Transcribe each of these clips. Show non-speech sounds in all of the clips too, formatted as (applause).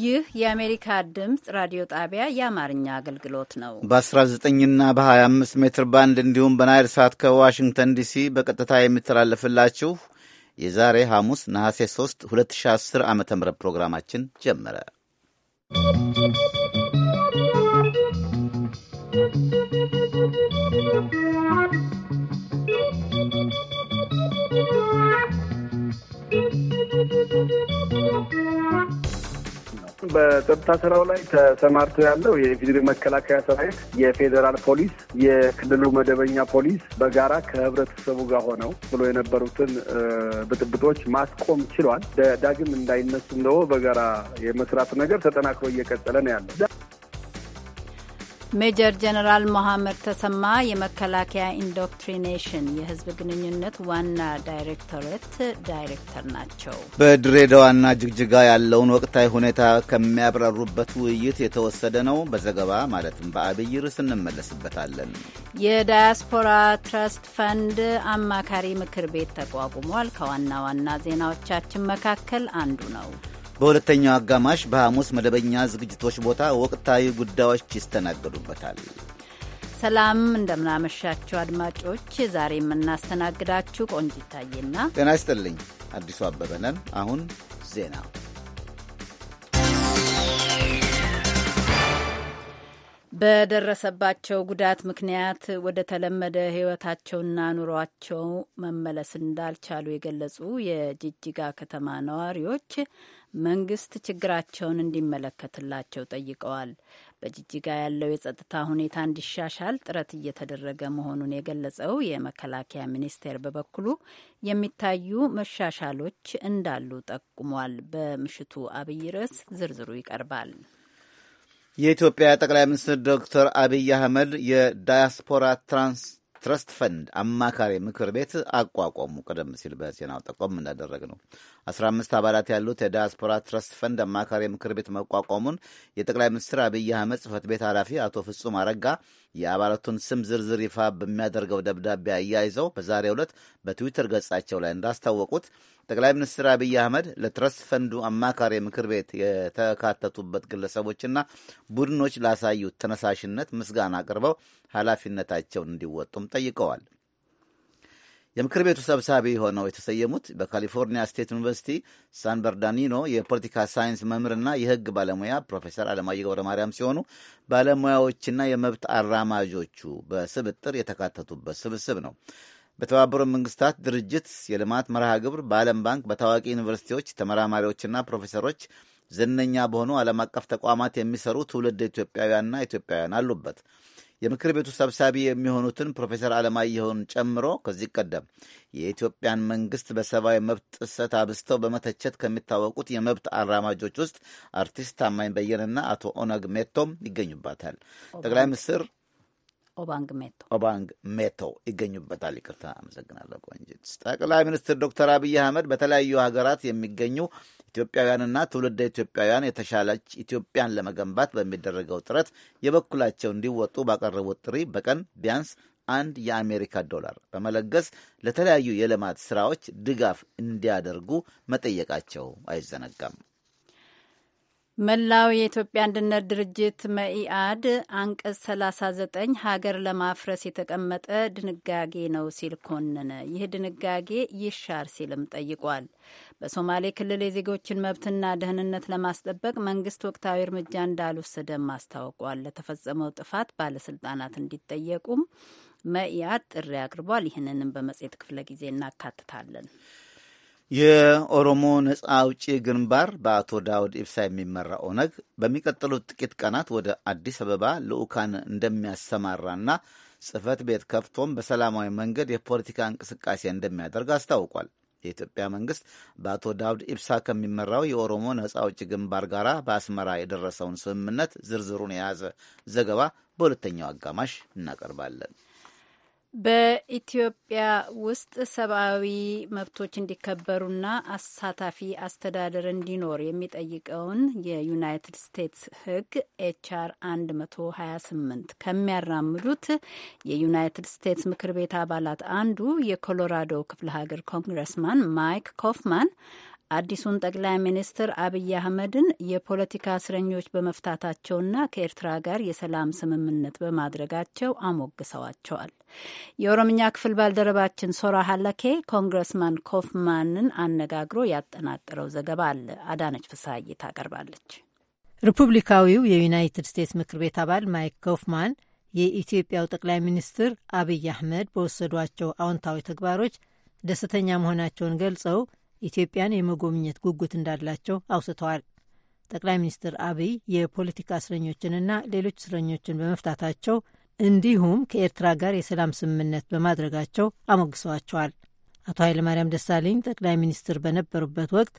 ይህ የአሜሪካ ድምፅ ራዲዮ ጣቢያ የአማርኛ አገልግሎት ነው። በ19ና በ25 ሜትር ባንድ እንዲሁም በናይል ሳት ከዋሽንግተን ዲሲ በቀጥታ የሚተላለፍላችሁ የዛሬ ሐሙስ ነሐሴ 3 2010 ዓ ም ፕሮግራማችን ጀመረ። በጸጥታ ስራው ላይ ተሰማርቶ ያለው የኢፌዴሪ መከላከያ ሰራዊት፣ የፌዴራል ፖሊስ፣ የክልሉ መደበኛ ፖሊስ በጋራ ከህብረተሰቡ ጋር ሆነው ብሎ የነበሩትን ብጥብጦች ማስቆም ችሏል። ዳግም እንዳይነሱ እንደሆ በጋራ የመስራት ነገር ተጠናክሮ እየቀጠለ ነው ያለው። ሜጀር ጀነራል መሐመድ ተሰማ የመከላከያ ኢንዶክትሪኔሽን የህዝብ ግንኙነት ዋና ዳይሬክቶሬት ዳይሬክተር ናቸው። በድሬዳዋና ጅግጅጋ ያለውን ወቅታዊ ሁኔታ ከሚያብራሩበት ውይይት የተወሰደ ነው። በዘገባ ማለትም በአብይ ርዕስ እንመለስበታለን። የዳያስፖራ ትረስት ፈንድ አማካሪ ምክር ቤት ተቋቁሟል። ከዋና ዋና ዜናዎቻችን መካከል አንዱ ነው። በሁለተኛው አጋማሽ በሐሙስ መደበኛ ዝግጅቶች ቦታ ወቅታዊ ጉዳዮች ይስተናገዱበታል። ሰላም እንደምናመሻችሁ አድማጮች፣ ዛሬ የምናስተናግዳችሁ ቆንጅ ይታየና ጤና ይስጥልኝ አዲሱ አበበ ነን። አሁን ዜና በደረሰባቸው ጉዳት ምክንያት ወደ ተለመደ ሕይወታቸውና ኑሯቸው መመለስ እንዳልቻሉ የገለጹ የጅጅጋ ከተማ ነዋሪዎች መንግስት ችግራቸውን እንዲመለከትላቸው ጠይቀዋል። በጅጅጋ ያለው የጸጥታ ሁኔታ እንዲሻሻል ጥረት እየተደረገ መሆኑን የገለጸው የመከላከያ ሚኒስቴር በበኩሉ የሚታዩ መሻሻሎች እንዳሉ ጠቁሟል። በምሽቱ አብይ ርዕስ ዝርዝሩ ይቀርባል። የኢትዮጵያ ጠቅላይ ሚኒስትር ዶክተር አብይ አህመድ የዳያስፖራ ትራንስ ትረስት ፈንድ አማካሪ ምክር ቤት አቋቋሙ። ቀደም ሲል በዜናው ጠቆም እንዳደረግ ነው አስራ አምስት አባላት ያሉት የዲያስፖራ ትረስት ፈንድ አማካሪ ምክር ቤት መቋቋሙን የጠቅላይ ሚኒስትር አብይ አህመድ ጽህፈት ቤት ኃላፊ አቶ ፍጹም አረጋ የአባላቱን ስም ዝርዝር ይፋ በሚያደርገው ደብዳቤ አያይዘው በዛሬው ዕለት በትዊተር ገጻቸው ላይ እንዳስታወቁት ጠቅላይ ሚኒስትር አብይ አህመድ ለትረስት ፈንዱ አማካሪ ምክር ቤት የተካተቱበት ግለሰቦችና ቡድኖች ላሳዩት ተነሳሽነት ምስጋና አቅርበው ኃላፊነታቸውን እንዲወጡም ጠይቀዋል። የምክር ቤቱ ሰብሳቢ ሆነው የተሰየሙት በካሊፎርኒያ ስቴት ዩኒቨርሲቲ ሳን በርናርዲኖ የፖለቲካ ሳይንስ መምህርና የሕግ ባለሙያ ፕሮፌሰር አለማየሁ ገብረ ማርያም ሲሆኑ ባለሙያዎችና የመብት አራማጆቹ በስብጥር የተካተቱበት ስብስብ ነው። በተባበሩ መንግስታት ድርጅት የልማት መርሃ ግብር በዓለም ባንክ በታዋቂ ዩኒቨርሲቲዎች ተመራማሪዎችና ፕሮፌሰሮች ዝነኛ በሆኑ ዓለም አቀፍ ተቋማት የሚሰሩ ትውልድ ኢትዮጵያውያንና ኢትዮጵያውያን አሉበት። የምክር ቤቱ ሰብሳቢ የሚሆኑትን ፕሮፌሰር አለማየሁን ጨምሮ ከዚህ ቀደም የኢትዮጵያን መንግስት በሰብአዊ መብት ጥሰት አብዝተው በመተቸት ከሚታወቁት የመብት አራማጆች ውስጥ አርቲስት ታማኝ በየነና አቶ ኦነግ ሜቶም ይገኙባታል። ጠቅላይ ሚኒስትር ኦባንግ ሜቶ ኦባንግ ሜቶ ይገኙበታል። ይቅርታ አመሰግናለሁ ቆንጅት። ጠቅላይ ሚኒስትር ዶክተር አብይ አህመድ በተለያዩ ሀገራት የሚገኙ ኢትዮጵያውያንና ትውልደ ኢትዮጵያውያን የተሻለች ኢትዮጵያን ለመገንባት በሚደረገው ጥረት የበኩላቸው እንዲወጡ ባቀረቡት ጥሪ በቀን ቢያንስ አንድ የአሜሪካ ዶላር በመለገስ ለተለያዩ የልማት ስራዎች ድጋፍ እንዲያደርጉ መጠየቃቸው አይዘነጋም። መላው የኢትዮጵያ አንድነት ድርጅት መኢአድ አንቀጽ 39 ሀገር ለማፍረስ የተቀመጠ ድንጋጌ ነው ሲል ኮንነ። ይህ ድንጋጌ ይሻር ሲልም ጠይቋል። በሶማሌ ክልል የዜጎችን መብትና ደህንነት ለማስጠበቅ መንግስት ወቅታዊ እርምጃ እንዳልወሰደም አስታውቋል። ለተፈጸመው ጥፋት ባለስልጣናት እንዲጠየቁም መኢአድ ጥሪ አቅርቧል። ይህንንም በመጽሔት ክፍለ ጊዜ እናካትታለን። የኦሮሞ ነጻ አውጪ ግንባር በአቶ ዳውድ ኢብሳ የሚመራ ኦነግ በሚቀጥሉት ጥቂት ቀናት ወደ አዲስ አበባ ልዑካን እንደሚያሰማራና ጽህፈት ቤት ከፍቶም በሰላማዊ መንገድ የፖለቲካ እንቅስቃሴ እንደሚያደርግ አስታውቋል። የኢትዮጵያ መንግስት በአቶ ዳውድ ኢብሳ ከሚመራው የኦሮሞ ነጻ አውጪ ግንባር ጋር በአስመራ የደረሰውን ስምምነት ዝርዝሩን የያዘ ዘገባ በሁለተኛው አጋማሽ እናቀርባለን። በኢትዮጵያ ውስጥ ሰብአዊ መብቶች እንዲከበሩና አሳታፊ አስተዳደር እንዲኖር የሚጠይቀውን የዩናይትድ ስቴትስ ሕግ ኤችአር 128 ከሚያራምዱት የዩናይትድ ስቴትስ ምክር ቤት አባላት አንዱ የኮሎራዶ ክፍለ ሀገር ኮንግረስማን ማይክ ኮፍማን አዲሱን ጠቅላይ ሚኒስትር አብይ አህመድን የፖለቲካ እስረኞች በመፍታታቸውና ከኤርትራ ጋር የሰላም ስምምነት በማድረጋቸው አሞግሰዋቸዋል። የኦሮምኛ ክፍል ባልደረባችን ሶራ ሀላኬ ኮንግረስማን ኮፍማንን አነጋግሮ ያጠናቀረው ዘገባ አለ። አዳነች ፍሳይ ታቀርባለች። ሪፑብሊካዊው የዩናይትድ ስቴትስ ምክር ቤት አባል ማይክ ኮፍማን የኢትዮጵያው ጠቅላይ ሚኒስትር አብይ አህመድ በወሰዷቸው አዎንታዊ ተግባሮች ደስተኛ መሆናቸውን ገልጸው ኢትዮጵያን የመጎብኘት ጉጉት እንዳላቸው አውስተዋል። ጠቅላይ ሚኒስትር አብይ የፖለቲካ እስረኞችንና ሌሎች እስረኞችን በመፍታታቸው እንዲሁም ከኤርትራ ጋር የሰላም ስምምነት በማድረጋቸው አሞግሰዋቸዋል። አቶ ኃይለማርያም ደሳለኝ ጠቅላይ ሚኒስትር በነበሩበት ወቅት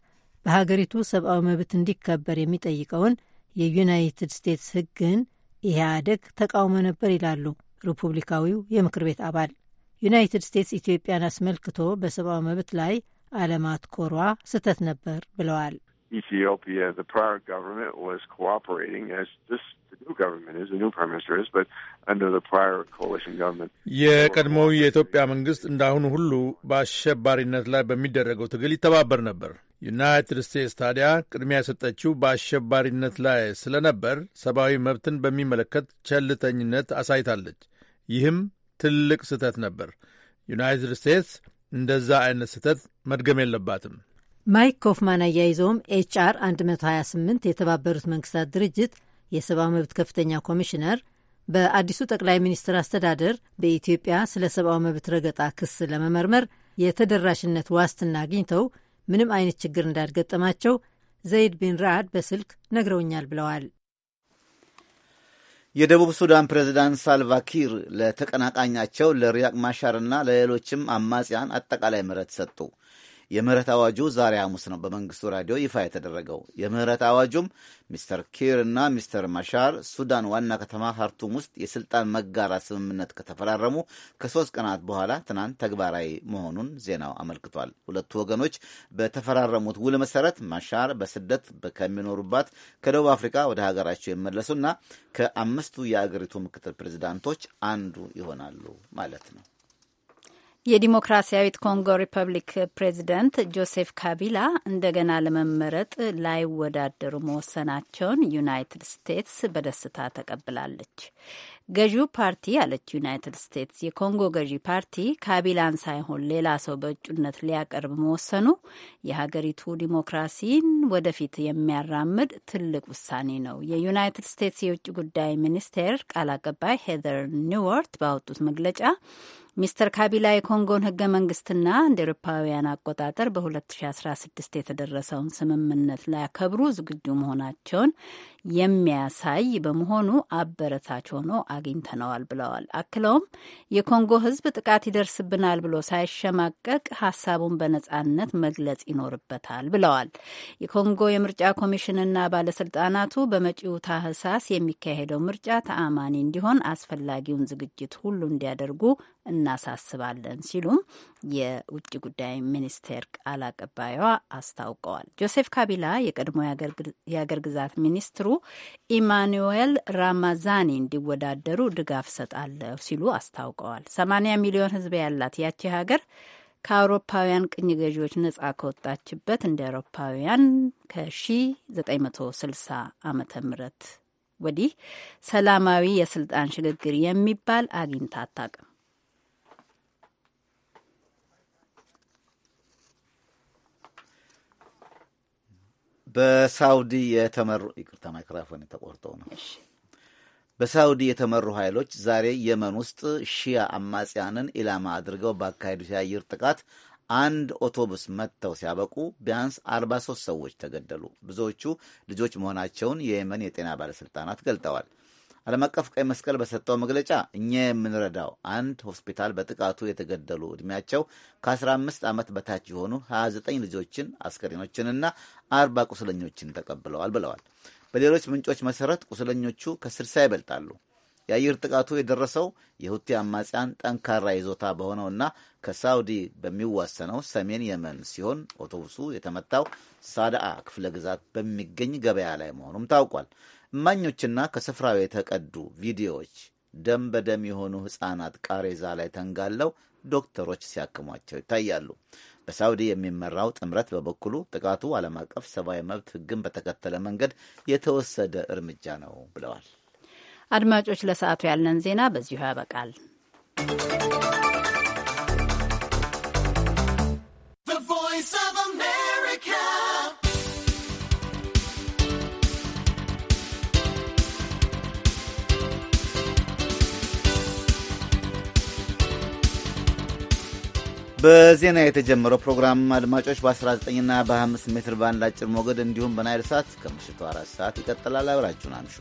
በሀገሪቱ ሰብአዊ መብት እንዲከበር የሚጠይቀውን የዩናይትድ ስቴትስ ሕግን ኢህአደግ ተቃውሞ ነበር ይላሉ ሪፑብሊካዊው የምክር ቤት አባል። ዩናይትድ ስቴትስ ኢትዮጵያን አስመልክቶ በሰብአዊ መብት ላይ አለማትኮሯ ስህተት ነበር ብለዋል። Ethiopia, the prior government was cooperating as this the new government is, the new prime minister is, but under the prior coalition government. የቀድሞው የኢትዮጵያ መንግስት እንዳሁኑ ሁሉ በአሸባሪነት ላይ በሚደረገው ትግል ይተባበር ነበር። ዩናይትድ ስቴትስ ታዲያ ቅድሚያ የሰጠችው በአሸባሪነት ላይ ስለነበር ሰብአዊ መብትን በሚመለከት ቸልተኝነት አሳይታለች። ይህም ትልቅ ስህተት ነበር። ዩናይትድ ስቴትስ እንደዛ አይነት ስህተት መድገም የለባትም። ማይክ ኮፍማን አያይዘውም ኤችአር 128 የተባበሩት መንግስታት ድርጅት የሰብአዊ መብት ከፍተኛ ኮሚሽነር በአዲሱ ጠቅላይ ሚኒስትር አስተዳደር በኢትዮጵያ ስለ ሰብአዊ መብት ረገጣ ክስ ለመመርመር የተደራሽነት ዋስትና አግኝተው ምንም አይነት ችግር እንዳልገጠማቸው ዘይድ ቢን ራአድ በስልክ ነግረውኛል ብለዋል። የደቡብ ሱዳን ፕሬዝዳንት ሳልቫኪር ለተቀናቃኛቸው ለሪያቅ ማሻርና ለሌሎችም አማጽያን አጠቃላይ ምህረት ሰጡ። የምህረት አዋጁ ዛሬ ሐሙስ ነው በመንግስቱ ራዲዮ ይፋ የተደረገው። የምህረት አዋጁም ሚስተር ኪር እና ሚስተር ማሻር ሱዳን ዋና ከተማ ሀርቱም ውስጥ የስልጣን መጋራት ስምምነት ከተፈራረሙ ከሶስት ቀናት በኋላ ትናንት ተግባራዊ መሆኑን ዜናው አመልክቷል። ሁለቱ ወገኖች በተፈራረሙት ውል መሰረት ማሻር በስደት ከሚኖሩባት ከደቡብ አፍሪካ ወደ ሀገራቸው የመለሱና ከአምስቱ የአገሪቱ ምክትል ፕሬዚዳንቶች አንዱ ይሆናሉ ማለት ነው። የዲሞክራሲያዊት ኮንጎ ሪፐብሊክ ፕሬዚደንት ጆሴፍ ካቢላ እንደገና ለመመረጥ ላይወዳደሩ መወሰናቸውን ዩናይትድ ስቴትስ በደስታ ተቀብላለች። ገዢው ፓርቲ ያለች ዩናይትድ ስቴትስ የኮንጎ ገዢ ፓርቲ ካቢላን ሳይሆን ሌላ ሰው በእጩነት ሊያቀርብ መወሰኑ የሀገሪቱ ዲሞክራሲን ወደፊት የሚያራምድ ትልቅ ውሳኔ ነው። የዩናይትድ ስቴትስ የውጭ ጉዳይ ሚኒስቴር ቃል አቀባይ ሄዘር ኒውወርት ባወጡት መግለጫ ሚስተር ካቢላ የኮንጎን ህገ መንግስትና እንደ ኤሮፓውያን አቆጣጠር በ2016 የተደረሰውን ስምምነት ሊያከብሩ ዝግጁ መሆናቸውን የሚያሳይ በመሆኑ አበረታች ሆኖ አግኝተነዋል ብለዋል። አክለውም የኮንጎ ህዝብ ጥቃት ይደርስብናል ብሎ ሳይሸማቀቅ ሀሳቡን በነጻነት መግለጽ ይኖርበታል ብለዋል። የኮንጎ የምርጫ ኮሚሽንና ባለስልጣናቱ በመጪው ታህሳስ የሚካሄደው ምርጫ ተአማኒ እንዲሆን አስፈላጊውን ዝግጅት ሁሉ እንዲያደርጉ እናሳስባለን ሲሉም የውጭ ጉዳይ ሚኒስቴር ቃል አቀባዩዋ አስታውቀዋል። ጆሴፍ ካቢላ የቀድሞ የአገር ግዛት ሚኒስትሩ ኢማኑዌል ራማዛኒ እንዲወዳደሩ ድጋፍ ሰጣለሁ ሲሉ አስታውቀዋል። ሰማንያ ሚሊዮን ሕዝብ ያላት ያቺ ሀገር ከአውሮፓውያን ቅኝ ገዢዎች ነጻ ከወጣችበት እንደ አውሮፓውያን ከ1960 ዓመተ ምህረት ወዲህ ሰላማዊ የስልጣን ሽግግር የሚባል አግኝታ አታውቅም። በሳውዲ የተመሩ ይቅርታ፣ ማይክሮፎን የተቆርጠው ነው። በሳውዲ የተመሩ ኃይሎች ዛሬ የመን ውስጥ ሺያ አማጽያንን ኢላማ አድርገው ባካሄዱት የአየር ጥቃት አንድ አውቶቡስ መጥተው ሲያበቁ ቢያንስ 43 ሰዎች ተገደሉ። ብዙዎቹ ልጆች መሆናቸውን የየመን የጤና ባለሥልጣናት ገልጠዋል። ዓለም አቀፍ ቀይ መስቀል በሰጠው መግለጫ እኛ የምንረዳው አንድ ሆስፒታል በጥቃቱ የተገደሉ ዕድሜያቸው ከ15 ዓመት በታች የሆኑ 29 ልጆችን አስከሬኖችንና አርባ ቁስለኞችን ተቀብለዋል ብለዋል። በሌሎች ምንጮች መሠረት ቁስለኞቹ ከስልሳ ይበልጣሉ። የአየር ጥቃቱ የደረሰው የሁቲ አማጽያን ጠንካራ ይዞታ በሆነውና ከሳውዲ በሚዋሰነው ሰሜን የመን ሲሆን አውቶቡሱ የተመታው ሳዳአ ክፍለ ግዛት በሚገኝ ገበያ ላይ መሆኑም ታውቋል። እማኞችና ከስፍራው የተቀዱ ቪዲዮዎች ደም በደም የሆኑ ሕፃናት ቃሬዛ ላይ ተንጋለው ዶክተሮች ሲያክሟቸው ይታያሉ። በሳውዲ የሚመራው ጥምረት በበኩሉ ጥቃቱ ዓለም አቀፍ ሰብአዊ መብት ሕግን በተከተለ መንገድ የተወሰደ እርምጃ ነው ብለዋል። አድማጮች፣ ለሰዓቱ ያለን ዜና በዚሁ ያበቃል። በዜና የተጀመረው ፕሮግራም አድማጮች በ19ና በ 5 ሜትር ባንድ አጭር ሞገድ እንዲሁም በናይል ሰዓት ከምሽቱ አራት ሰዓት ይቀጥላል። አብራችሁን አምሹ።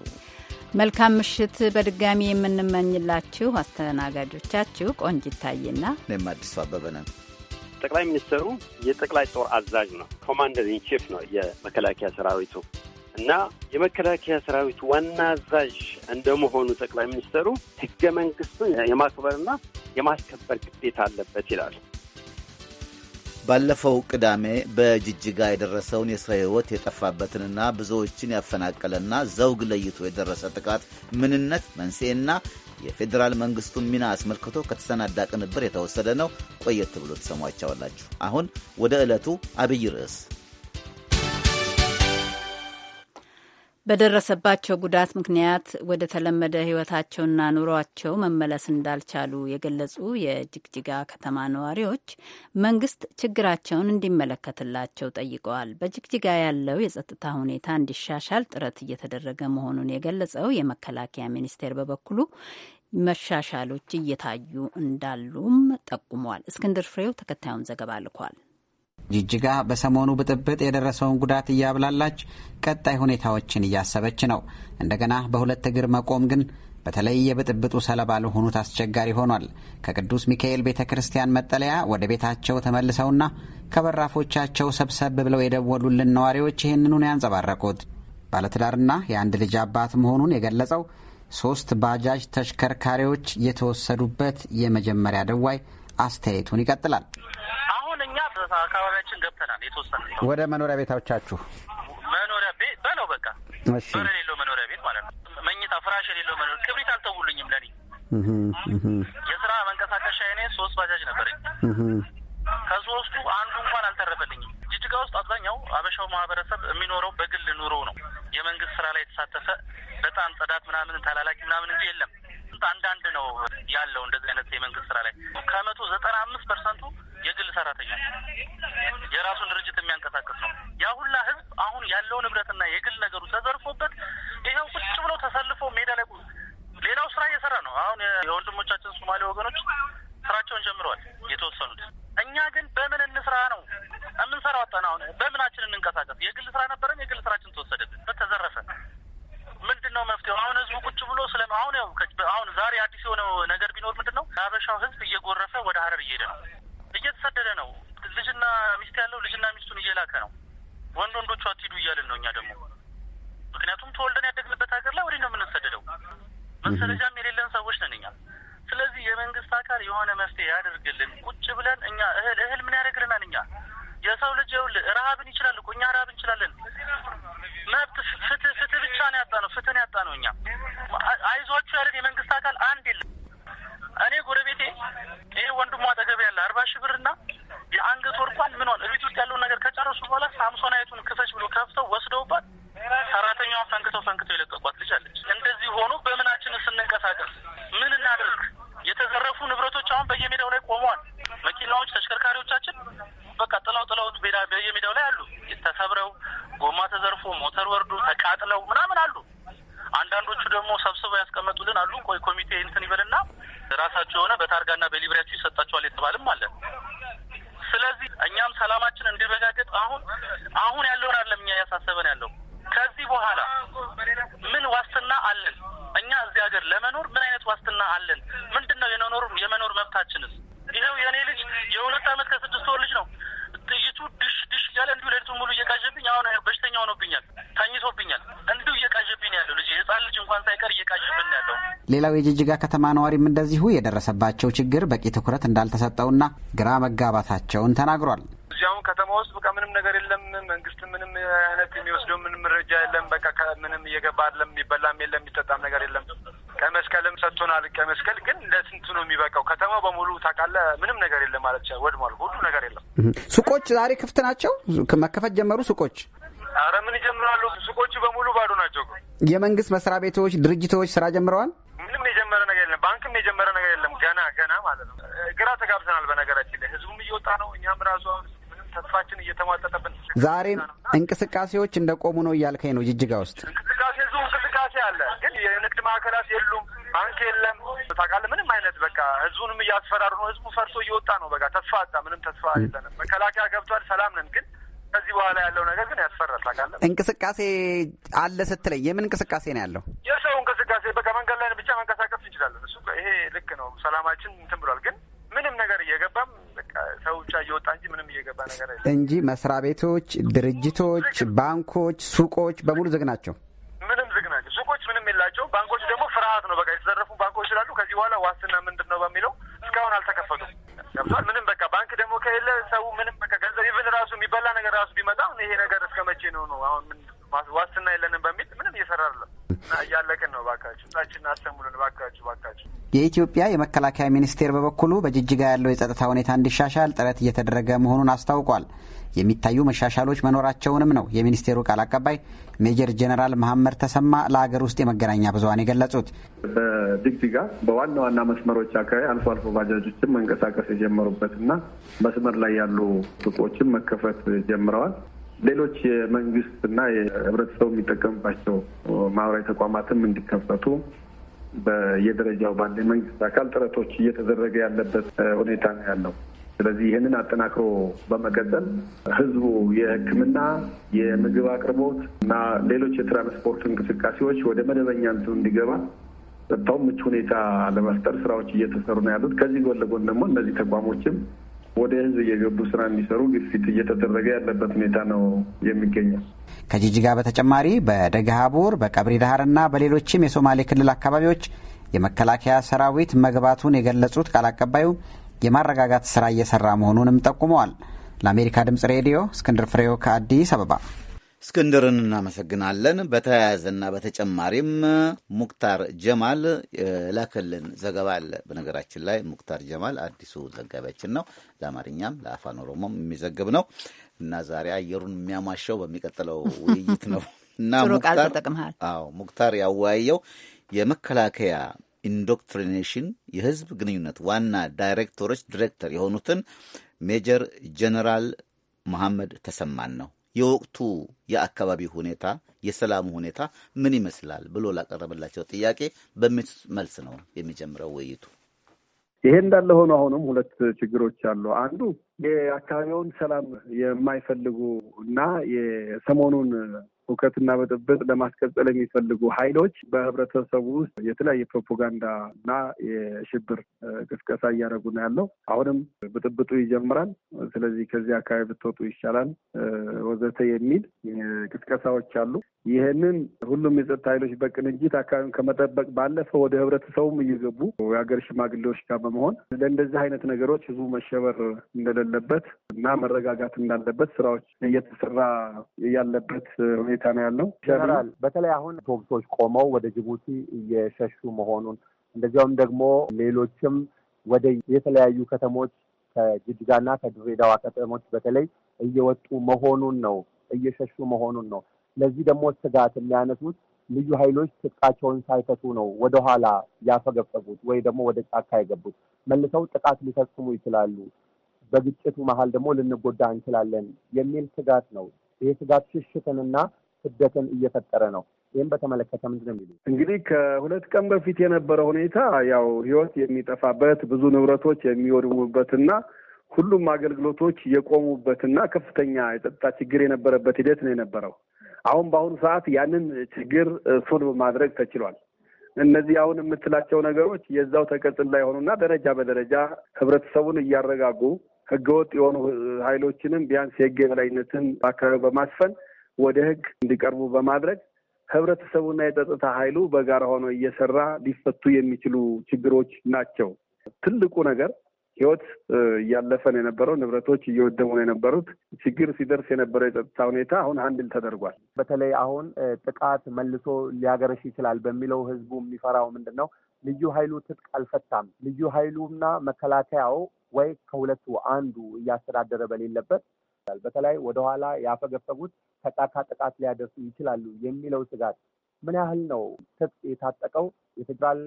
መልካም ምሽት በድጋሚ የምንመኝላችሁ አስተናጋጆቻችሁ ቆንጅ ይታይና እኔም አዲሱ አበበ ነን። ጠቅላይ ሚኒስትሩ የጠቅላይ ጦር አዛዥ ነው፣ ኮማንደር ኢንቺፍ ነው የመከላከያ ሰራዊቱ እና የመከላከያ ሰራዊቱ ዋና አዛዥ እንደመሆኑ ጠቅላይ ሚኒስትሩ ህገ መንግስቱን የማክበርና የማስከበር ግዴታ አለበት ይላል። ባለፈው ቅዳሜ በጅጅጋ የደረሰውን የሰው ሕይወት የጠፋበትንና ብዙዎችን ያፈናቀለና ዘውግ ለይቶ የደረሰ ጥቃት ምንነት፣ መንስኤና የፌዴራል መንግስቱን ሚና አስመልክቶ ከተሰናዳ ቅንብር የተወሰደ ነው። ቆየት ብሎ ተሰሟቸዋላችሁ። አሁን ወደ ዕለቱ አብይ ርዕስ በደረሰባቸው ጉዳት ምክንያት ወደ ተለመደ ህይወታቸውና ኑሯቸው መመለስ እንዳልቻሉ የገለጹ የጅግጅጋ ከተማ ነዋሪዎች መንግስት ችግራቸውን እንዲመለከትላቸው ጠይቀዋል። በጅግጅጋ ያለው የጸጥታ ሁኔታ እንዲሻሻል ጥረት እየተደረገ መሆኑን የገለጸው የመከላከያ ሚኒስቴር በበኩሉ መሻሻሎች እየታዩ እንዳሉም ጠቁሟል። እስክንድር ፍሬው ተከታዩን ዘገባ ልኳል። ጅጅጋ በሰሞኑ ብጥብጥ የደረሰውን ጉዳት እያብላላች ቀጣይ ሁኔታዎችን እያሰበች ነው። እንደገና በሁለት እግር መቆም ግን በተለይ የብጥብጡ ሰለባ ለሆኑት አስቸጋሪ ሆኗል። ከቅዱስ ሚካኤል ቤተ ክርስቲያን መጠለያ ወደ ቤታቸው ተመልሰውና ከበራፎቻቸው ሰብሰብ ብለው የደወሉልን ነዋሪዎች ይህንኑን ያንጸባረቁት ባለትዳርና የአንድ ልጅ አባት መሆኑን የገለጸው ሶስት ባጃጅ ተሽከርካሪዎች የተወሰዱበት የመጀመሪያ ደዋይ አስተያየቱን ይቀጥላል። አካባቢያችን ገብተናል። የተወሰነ ወደ መኖሪያ ቤታቻችሁ መኖሪያ ቤት በለው በቃ በር የሌለው መኖሪያ ቤት ማለት ነው። መኝታ ፍራሽ የሌለው መኖሪያ ክብሪት አልተውልኝም። ለኔ የስራ መንቀሳቀሻ የኔ ሶስት ባጃጅ ነበረኝ። ከሶስቱ አንዱ እንኳን አልተረፈልኝም። ጅጅጋ ውስጥ አብዛኛው አበሻው ማህበረሰብ የሚኖረው በግል ኑሮ ነው። የመንግስት ስራ ላይ የተሳተፈ በጣም ጽዳት ምናምን ተላላኪ ምናምን እንጂ የለም። አንዳንድ ነው ያለው እንደዚህ አይነት የመንግስት ስራ ላይ ከመቶ ዘጠና አምስት ፐርሰንቱ የግል ሰራተኛ የራሱን ድርጅት የሚያንቀሳቀስ ነው። ያ ሁላ ህዝብ አሁን ያለው ንብረትና የግል ነገሩ ተዘርፎበት ይኸው ቁጭ ብሎ ተሰልፎ ሜዳ ላይ ሌላው ስራ እየሰራ ነው። አሁን የወንድሞቻችን ሶማሌ ወገኖች ስራቸውን ጀምረዋል የተወሰኑት። እኛ ግን በምን እንስራ ነው የምንሰራው? አጣን። አሁን በምናችን እንንቀሳቀስ? የግል ስራ ነበረን፣ የግል ስራችን ተወሰደብን፣ ተዘረፈ። ምንድን ነው መፍትሄው? አሁን ህዝቡ ቁጭ ብሎ ስለ አሁን ያው አሁን ዛሬ አዲስ የሆነው ነገር ቢኖር ምንድን ነው የሀበሻው ህዝብ እየጎረፈ ወደ ሀረር እየሄደ ነው። እየተሰደደ ነው። ልጅና ሚስት ያለው ልጅና ሚስቱን እየላከ ነው። ወንድ ወንዶቹ አትሂዱ እያልን ነው እኛ ደግሞ ምክንያቱም ተወልደን ያደግንበት ሀገር ላይ ወዴት ነው የምንሰደደው? መሰረጃም የሌለን ሰዎች ነን እኛ። ስለዚህ የመንግስት አካል የሆነ መፍትሄ ያደርግልን። ቁጭ ብለን እኛ እህል እህል ምን ያደርግልናል? እኛ የሰው ልጅ ይኸውልህ ረሀብን ይችላል እኮ እኛ ረሀብ እንችላለን። መብት ፍትህ፣ ፍትህ ብቻ ነው ያጣ ነው። ፍትህን ያጣ ነው እኛ። አይዟችሁ ያለን የመንግስት አካል አንድ የለም። እኔ ጎረቤቴ ይሄ ወንድሟ አጠገብ ያለ አርባ ሺህ ብርና የአንገት ወርቋን ሆን እቤት ውስጥ ያለውን ነገር ከጨረሱ በኋላ ሳምሶን አይቱን ክፈች ብሎ ከፍተው ወስደውባት ሰራተኛዋን ፈንክተው ፈንክተው የለቀቋት ልጅ አለች። እንደዚህ ሆኖ በምናችን ስንንቀሳቀስ ምን እናደርግ? የተዘረፉ ንብረቶች አሁን በየሜዳው ላይ ቆመዋል። መኪናዎች፣ ተሽከርካሪዎቻችን በቃ ጥላውት ሜዳ በየሜዳው ላይ አሉ። ተሰብረው፣ ጎማ ተዘርፎ፣ ሞተር ወርዶ ተቃጥለው ምናምን አሉ። አንዳንዶቹ ደግሞ ሰብስበው ያስቀመጡልን አሉ። ቆይ ኮሚቴ እንትን ይበልና ራሳቸው የሆነ በታርጋና በሊብሪያቸው ይሰጣቸዋል የተባልም አለ። ስለዚህ እኛም ሰላማችን እንዲረጋገጥ አሁን አሁን ያለውን አለም እኛ እያሳሰበን ያለው ከዚህ በኋላ ምን ዋስትና አለን? እኛ እዚህ ሀገር ለመኖር ምን አይነት ዋስትና አለን? ምንድን ነው የመኖር መብታችንስ? ይኸው የእኔ ልጅ የሁለት አመት ከስድስት ወር ልጅ ነው ጥይቱ ድሽ ድሽ እያለ እንዲሁ ሌሊቱን ሙሉ እየቃዠብኝ አሁን በሽተኛ ሆኖብኛል። ተኝቶብኛል። እንዲሁ እየቃዠብኝ ያለው ልጅ ህጻን ልጅ እንኳን ሳይቀር እየቃዠብን ያለው። ሌላው የጅጅጋ ከተማ ነዋሪም እንደዚሁ የደረሰባቸው ችግር በቂ ትኩረት እንዳልተሰጠውና ግራ መጋባታቸውን ተናግሯል። እዚያውን ከተማ ውስጥ በቃ ምንም ነገር የለም። መንግስት ምንም አይነት የሚወስደው ምንም መረጃ የለም። በቃ ምንም እየገባ አይደለም። የሚበላም የለም፣ የሚጠጣም ነገር የለም። ቀመስቀልም ሰጥቶናል። ቀመስቀል ግን ለስንቱ ነው የሚበቃው? ከተማው በሙሉ ታውቃለህ፣ ምንም ነገር የለም ማለት ወድሟል። ሁሉ ነገር የለም። ሱቆች ዛሬ ክፍት ናቸው። መከፈት ጀመሩ ሱቆች። አረ ምን ይጀምራሉ? ሱቆቹ በሙሉ ባዶ ናቸው። የመንግስት መስሪያ ቤቶች፣ ድርጅቶች ስራ ጀምረዋል። ምንም የጀመረ ነገር የለም። ባንክም የጀመረ ነገር የለም። ገና ገና ማለት ነው። ግራ ተጋብተናል። በነገራችን ላይ ህዝቡም እየወጣ ነው። እኛም ራሱ ተስፋችን እየተሟጠጠብን ዛሬም እንቅስቃሴዎች እንደቆሙ ነው እያልከኝ ነው ጅጅጋ ውስጥ አለ፣ ግን የንግድ ማዕከላት የሉም፣ ባንክ የለም። ታውቃለህ፣ ምንም አይነት በቃ ህዝቡንም እያስፈራሩ ነው። ህዝቡ ፈርቶ እየወጣ ነው። በቃ ተስፋ አጣ። ምንም ተስፋ የለንም። መከላከያ ገብቷል፣ ሰላም ነን። ግን ከዚህ በኋላ ያለው ነገር ግን ያስፈራል። ታውቃለህ፣ እንቅስቃሴ አለ ስትለኝ የምን እንቅስቃሴ ነው ያለው? የሰው እንቅስቃሴ በቃ መንገድ ላይ ብቻ መንቀሳቀስ እንችላለን። እሱ ይሄ ልክ ነው። ሰላማችን እንትን ብሏል ግን ምንም ነገር እየገባም ሰው ብቻ እየወጣ እንጂ ምንም እየገባ ነገር እንጂ መስሪያ ቤቶች፣ ድርጅቶች፣ ባንኮች፣ ሱቆች በሙሉ ዝግ ናቸው። ፍርሃት ነው። በቃ የተዘረፉ ባንኮች ስላሉ ከዚህ በኋላ ዋስትና ምንድን ነው በሚለው እስካሁን አልተከፈቱም። ገብቷል። ምንም በቃ ባንክ ደግሞ ከሌለ ሰው ምንም በቃ ገንዘብ ይብን ራሱ የሚበላ ነገር ራሱ ቢመጣ ይሄ ነገር እስከ መቼ ነው ነው አሁን ምን ዋስትና የለንም በሚል ምንም እየሰራ አይደለም። እና እያለቅን ነው። እባካችሁ ጣችን አሰሙልን። እባካችሁ እባካችሁ። የኢትዮጵያ የመከላከያ ሚኒስቴር በበኩሉ በጅጅጋ ያለው የጸጥታ ሁኔታ እንዲሻሻል ጥረት እየተደረገ መሆኑን አስታውቋል። የሚታዩ መሻሻሎች መኖራቸውንም ነው የሚኒስቴሩ ቃል አቀባይ ሜጀር ጀነራል መሐመድ ተሰማ ለሀገር ውስጥ የመገናኛ ብዙሀን የገለጹት። በጅግጅጋ በዋና ዋና መስመሮች አካባቢ አልፎ አልፎ ባጃጆችም መንቀሳቀስ የጀመሩበት ና መስመር ላይ ያሉ ሱቆችን መከፈት ጀምረዋል። ሌሎች የመንግስትና የህብረተሰቡ የሚጠቀምባቸው ማህበራዊ ተቋማትም እንዲከፈቱ በየደረጃው ባለ መንግስት አካል ጥረቶች እየተደረገ ያለበት ሁኔታ ነው ያለው። ስለዚህ ይህንን አጠናክሮ በመቀጠል ህዝቡ የህክምና የምግብ አቅርቦት እና ሌሎች የትራንስፖርት እንቅስቃሴዎች ወደ መደበኛ እንትኑ እንዲገባ ጸጥታውም ምቹ ሁኔታ ለመፍጠር ስራዎች እየተሰሩ ነው ያሉት። ከዚህ ጎን ለጎን ደግሞ እነዚህ ተቋሞችም ወደ ህዝብ እየገቡ ስራ እንዲሰሩ ግፊት እየተደረገ ያለበት ሁኔታ ነው የሚገኘው። ከጂጂጋ በተጨማሪ በደገሃቡር በቀብሪ ዳህርና በሌሎችም የሶማሌ ክልል አካባቢዎች የመከላከያ ሰራዊት መግባቱን የገለጹት ቃል አቀባዩ የማረጋጋት ስራ እየሰራ መሆኑንም ጠቁመዋል። ለአሜሪካ ድምፅ ሬዲዮ እስክንድር ፍሬው ከአዲስ አበባ። እስክንድርን እናመሰግናለን። በተያያዘና በተጨማሪም ሙክታር ጀማል ላክልን ዘገባ አለ። በነገራችን ላይ ሙክታር ጀማል አዲሱ ዘጋቢያችን ነው። ለአማርኛም ለአፋን ኦሮሞም የሚዘግብ ነው እና ዛሬ አየሩን የሚያሟሸው በሚቀጥለው ውይይት ነው (laughs) እና ሙክታር ያወያየው የመከላከያ ኢንዶክትሪኔሽን የህዝብ ግንኙነት ዋና ዳይሬክተሮች ዲሬክተር የሆኑትን ሜጀር ጀነራል መሐመድ ተሰማን ነው። የወቅቱ የአካባቢ ሁኔታ የሰላሙ ሁኔታ ምን ይመስላል ብሎ ላቀረበላቸው ጥያቄ በሚት መልስ ነው የሚጀምረው ውይይቱ። ይሄ እንዳለ ሆኖ አሁንም ሁለት ችግሮች አሉ። አንዱ የአካባቢውን ሰላም የማይፈልጉ እና የሰሞኑን ሁከትና ብጥብጥ ለማስቀጠል የሚፈልጉ ኃይሎች በህብረተሰቡ ውስጥ የተለያየ ፕሮፓጋንዳ እና የሽብር ቅስቀሳ እያደረጉ ነው ያለው። አሁንም ብጥብጡ ይጀምራል። ስለዚህ ከዚህ አካባቢ ብትወጡ ይሻላል ወዘተ የሚል ቅስቀሳዎች አሉ። ይህንን ሁሉም የጸጥታ ኃይሎች በቅንጅት አካባቢውን ከመጠበቅ ባለፈ ወደ ህብረተሰቡም እየገቡ የሀገር ሽማግሌዎች ጋር በመሆን ለእንደዚህ አይነት ነገሮች ህዝቡ መሸበር እንደሌለበት እና መረጋጋት እንዳለበት ስራዎች እየተሰራ ያለበት ሁኔታ ሁኔታ ነው ያለው። ጀነራል በተለይ አሁን ቶብቶች ቆመው ወደ ጅቡቲ እየሸሹ መሆኑን እንደዚያውም ደግሞ ሌሎችም ወደ የተለያዩ ከተሞች ከጅጅጋና ከድሬዳዋ ከተሞች በተለይ እየወጡ መሆኑን ነው እየሸሹ መሆኑን ነው። ለዚህ ደግሞ ስጋት የሚያነሱት ልዩ ኃይሎች ትጥቃቸውን ሳይፈቱ ነው ወደኋላ ያፈገፈጉት ወይ ደግሞ ወደ ጫካ የገቡት። መልሰው ጥቃት ሊፈጽሙ ይችላሉ፣ በግጭቱ መሀል ደግሞ ልንጎዳ እንችላለን የሚል ስጋት ነው። ይሄ ስጋት ሽሽትንና ስደትን እየፈጠረ ነው። ይህም በተመለከተ ምንድን ነው የሚሉ እንግዲህ ከሁለት ቀን በፊት የነበረ ሁኔታ ያው ህይወት የሚጠፋበት ብዙ ንብረቶች የሚወድሙበትና ሁሉም አገልግሎቶች የቆሙበትና ከፍተኛ የጸጥታ ችግር የነበረበት ሂደት ነው የነበረው። አሁን በአሁኑ ሰዓት ያንን ችግር ሶልቭ ማድረግ ተችሏል። እነዚህ አሁን የምትላቸው ነገሮች የዛው ላይ ሆኑና ደረጃ በደረጃ ህብረተሰቡን እያረጋጉ ህገወጥ የሆኑ ኃይሎችንም ቢያንስ የህግ የበላይነትን አካባቢ በማስፈን ወደ ህግ እንዲቀርቡ በማድረግ ህብረተሰቡና የጸጥታ ኃይሉ በጋራ ሆኖ እየሰራ ሊፈቱ የሚችሉ ችግሮች ናቸው። ትልቁ ነገር ህይወት እያለፈ የነበረው፣ ንብረቶች እየወደሙ ነው የነበሩት። ችግር ሲደርስ የነበረው የጸጥታ ሁኔታ አሁን አንድል ተደርጓል። በተለይ አሁን ጥቃት መልሶ ሊያገረሽ ይችላል በሚለው ህዝቡ የሚፈራው ምንድን ነው? ልዩ ኃይሉ ትጥቅ አልፈታም። ልዩ ኃይሉና መከላከያው ወይ ከሁለቱ አንዱ እያስተዳደረ በሌለበት በተለይ ወደኋላ ያፈገፈጉት ተቃካ ጥቃት ሊያደርሱ ይችላሉ የሚለው ስጋት ምን ያህል ነው? ትጥቅ የታጠቀው የፌዴራል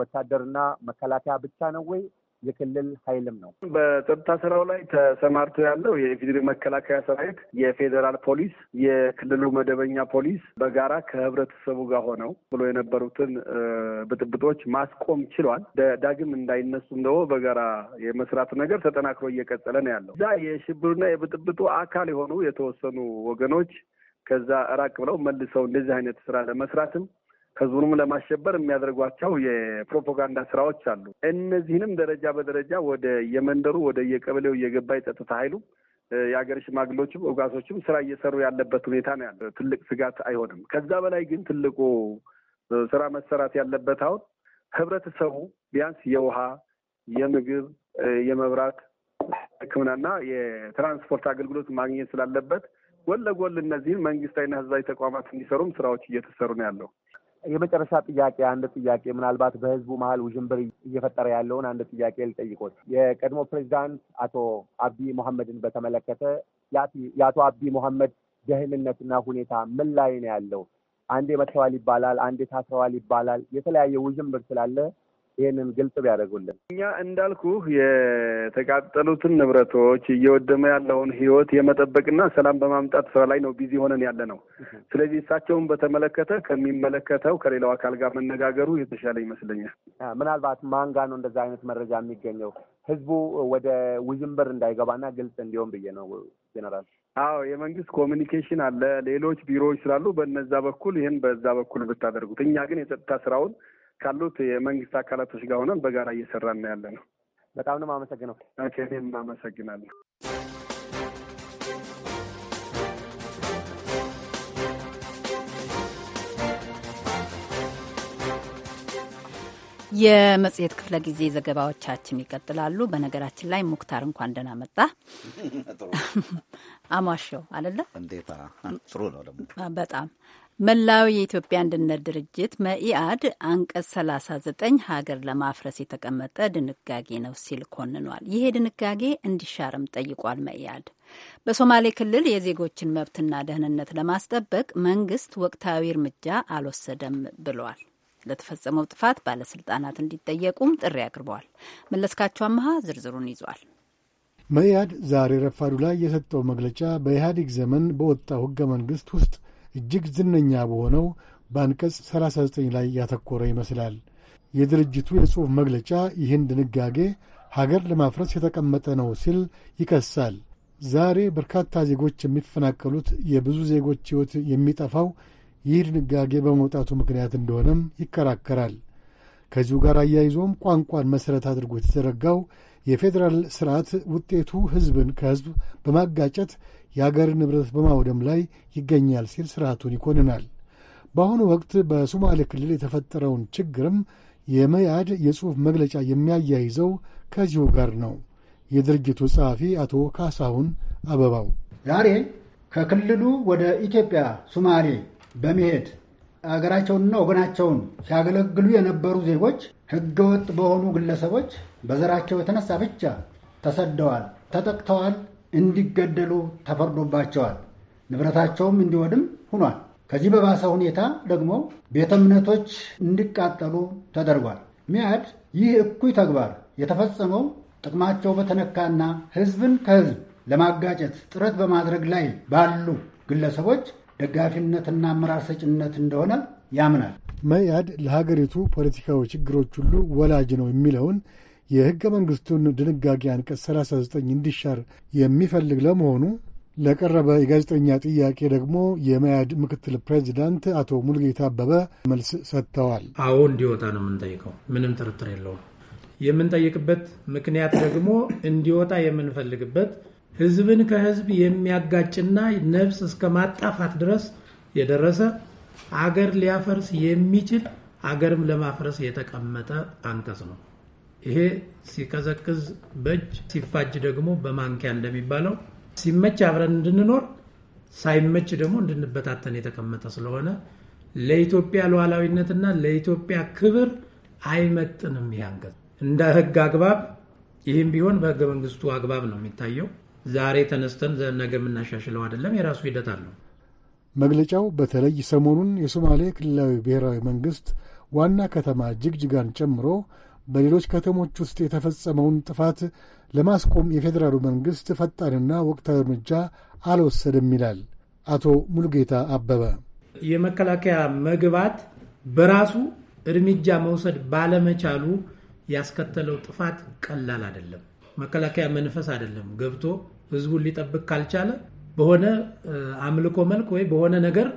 ወታደርና መከላከያ ብቻ ነው ወይ የክልል ኃይልም ነው። በጸጥታ ስራው ላይ ተሰማርቶ ያለው የኢፌዴሪ መከላከያ ሰራዊት፣ የፌዴራል ፖሊስ፣ የክልሉ መደበኛ ፖሊስ በጋራ ከህብረተሰቡ ጋር ሆነው ብሎ የነበሩትን ብጥብጦች ማስቆም ችሏል። ዳግም እንዳይነሱ እንደ በጋራ የመስራት ነገር ተጠናክሮ እየቀጠለ ነው ያለው። እዛ የሽብሩና የብጥብጡ አካል የሆኑ የተወሰኑ ወገኖች ከዛ ራቅ ብለው መልሰው እንደዚህ አይነት ስራ ለመስራትም ህዝቡንም ለማሸበር የሚያደርጓቸው የፕሮፓጋንዳ ስራዎች አሉ። እነዚህንም ደረጃ በደረጃ ወደ የመንደሩ ወደ የቀበሌው እየገባ የጸጥታ ኃይሉ የሀገር ሽማግሌዎችም እውጋቶችም ስራ እየሰሩ ያለበት ሁኔታ ነው ያለ። ትልቅ ስጋት አይሆንም። ከዛ በላይ ግን ትልቁ ስራ መሰራት ያለበት አሁን ህብረተሰቡ ቢያንስ የውሃ፣ የምግብ፣ የመብራት፣ ሕክምናና የትራንስፖርት አገልግሎት ማግኘት ስላለበት ጎን ለጎን እነዚህን መንግስታዊና ህዝባዊ ተቋማት እንዲሰሩም ስራዎች እየተሰሩ ነው ያለው። የመጨረሻ ጥያቄ አንድ ጥያቄ ምናልባት በህዝቡ መሀል ውዥንብር እየፈጠረ ያለውን አንድ ጥያቄ ልጠይቆት። የቀድሞ ፕሬዚዳንት አቶ አብዲ ሙሐመድን በተመለከተ የአቶ አብዲ ሙሐመድ ደህንነትና ሁኔታ ምን ላይ ነው ያለው? አንዴ መጥተዋል ይባላል፣ አንዴ ታስረዋል ይባላል። የተለያየ ውዥንብር ስላለ ይህንን ግልጽ ቢያደርጉልን። እኛ እንዳልኩህ የተቃጠሉትን ንብረቶች እየወደመ ያለውን ህይወት የመጠበቅና ሰላም በማምጣት ስራ ላይ ነው ቢዚ ሆነን ያለ ነው። ስለዚህ እሳቸውን በተመለከተ ከሚመለከተው ከሌላው አካል ጋር መነጋገሩ የተሻለ ይመስለኛል። ምናልባት ማንጋ ነው እንደዛ አይነት መረጃ የሚገኘው ህዝቡ ወደ ውዥንብር እንዳይገባና ግልጽ እንዲሆን ብዬ ነው ጀነራል። አዎ የመንግስት ኮሚኒኬሽን አለ፣ ሌሎች ቢሮዎች ስላሉ በነዛ በኩል ይህን በዛ በኩል ብታደርጉት፣ እኛ ግን የጸጥታ ስራውን ካሉት የመንግስት አካላቶች ጋር ሆነን በጋራ እየሰራን ነው ያለ ነው። በጣም ነው የማመሰግነው። እኔም አመሰግናለሁ። የመጽሔት ክፍለ ጊዜ ዘገባዎቻችን ይቀጥላሉ። በነገራችን ላይ ሙክታር እንኳን ደህና መጣ። (laughs) አሟሸው አለለም እንዴታ ጥሩ ነው ደግሞ በጣም መላው የኢትዮጵያ አንድነት ድርጅት መኢአድ አንቀጽ 39 ሀገር ለማፍረስ የተቀመጠ ድንጋጌ ነው ሲል ኮንኗል። ይሄ ድንጋጌ እንዲሻርም ጠይቋል። መኢአድ በሶማሌ ክልል የዜጎችን መብትና ደህንነት ለማስጠበቅ መንግስት ወቅታዊ እርምጃ አልወሰደም ብሏል። ለተፈጸመው ጥፋት ባለስልጣናት እንዲጠየቁም ጥሪ አቅርበዋል። መለስካቸው አመሃ ዝርዝሩን ይዟል። መኢአድ ዛሬ ረፋዱ ላይ የሰጠው መግለጫ በኢህአዴግ ዘመን በወጣው ህገ መንግስት ውስጥ እጅግ ዝነኛ በሆነው በአንቀጽ 39 ላይ ያተኮረ ይመስላል። የድርጅቱ የጽሑፍ መግለጫ ይህን ድንጋጌ ሀገር ለማፍረስ የተቀመጠ ነው ሲል ይከሳል። ዛሬ በርካታ ዜጎች የሚፈናቀሉት የብዙ ዜጎች ሕይወት የሚጠፋው ይህ ድንጋጌ በመውጣቱ ምክንያት እንደሆነም ይከራከራል። ከዚሁ ጋር አያይዞም ቋንቋን መሠረት አድርጎ የተዘረጋው የፌዴራል ሥርዓት ውጤቱ ሕዝብን ከሕዝብ በማጋጨት የአገር ንብረት በማውደም ላይ ይገኛል ሲል ስርዓቱን ይኮንናል። በአሁኑ ወቅት በሶማሌ ክልል የተፈጠረውን ችግርም የመያድ የጽሑፍ መግለጫ የሚያያይዘው ከዚሁ ጋር ነው። የድርጅቱ ጸሐፊ አቶ ካሳሁን አበባው ዛሬ ከክልሉ ወደ ኢትዮጵያ ሶማሌ በመሄድ አገራቸውንና ወገናቸውን ሲያገለግሉ የነበሩ ዜጎች ሕገወጥ በሆኑ ግለሰቦች በዘራቸው የተነሳ ብቻ ተሰደዋል፣ ተጠቅተዋል፣ እንዲገደሉ ተፈርዶባቸዋል። ንብረታቸውም እንዲወድም ሆኗል። ከዚህ በባሰ ሁኔታ ደግሞ ቤተ እምነቶች እንዲቃጠሉ ተደርጓል። ሚያድ ይህ እኩይ ተግባር የተፈጸመው ጥቅማቸው በተነካና ሕዝብን ከሕዝብ ለማጋጨት ጥረት በማድረግ ላይ ባሉ ግለሰቦች ደጋፊነትና አመራር ሰጭነት እንደሆነ ያምናል። መያድ ለሀገሪቱ ፖለቲካዊ ችግሮች ሁሉ ወላጅ ነው የሚለውን የሕገ መንግሥቱን ድንጋጌ አንቀጽ 39 እንዲሻር የሚፈልግ ለመሆኑ ለቀረበ የጋዜጠኛ ጥያቄ ደግሞ የመያድ ምክትል ፕሬዚዳንት አቶ ሙሉጌታ አበበ መልስ ሰጥተዋል። አዎ እንዲወጣ ነው የምንጠይቀው። ምንም ጥርጥር የለውም። የምንጠይቅበት ምክንያት ደግሞ እንዲወጣ የምንፈልግበት ህዝብን ከህዝብ የሚያጋጭና ነፍስ እስከ ማጣፋት ድረስ የደረሰ አገር ሊያፈርስ የሚችል አገርም ለማፍረስ የተቀመጠ አንቀጽ ነው። ይሄ ሲቀዘቅዝ በእጅ ሲፋጅ ደግሞ በማንኪያ እንደሚባለው ሲመች አብረን እንድንኖር ሳይመች ደግሞ እንድንበታተን የተቀመጠ ስለሆነ ለኢትዮጵያ ሉዓላዊነትና ለኢትዮጵያ ክብር አይመጥንም። ይህ አንቀጽ እንደ ሕግ አግባብ ይህም ቢሆን በሕገ መንግስቱ አግባብ ነው የሚታየው። ዛሬ ተነስተን ነገ የምናሻሽለው አይደለም። የራሱ ሂደት አለው። መግለጫው በተለይ ሰሞኑን የሶማሌ ክልላዊ ብሔራዊ መንግስት ዋና ከተማ ጅግጅጋን ጨምሮ በሌሎች ከተሞች ውስጥ የተፈጸመውን ጥፋት ለማስቆም የፌዴራሉ መንግሥት ፈጣንና ወቅታዊ እርምጃ አልወሰድም ይላል አቶ ሙሉጌታ አበበ። የመከላከያ መግባት በራሱ እርምጃ መውሰድ ባለመቻሉ ያስከተለው ጥፋት ቀላል አይደለም። መከላከያ መንፈስ አይደለም ገብቶ ህዝቡን ሊጠብቅ ካልቻለ በሆነ አምልኮ መልክ ወይ በሆነ ነገር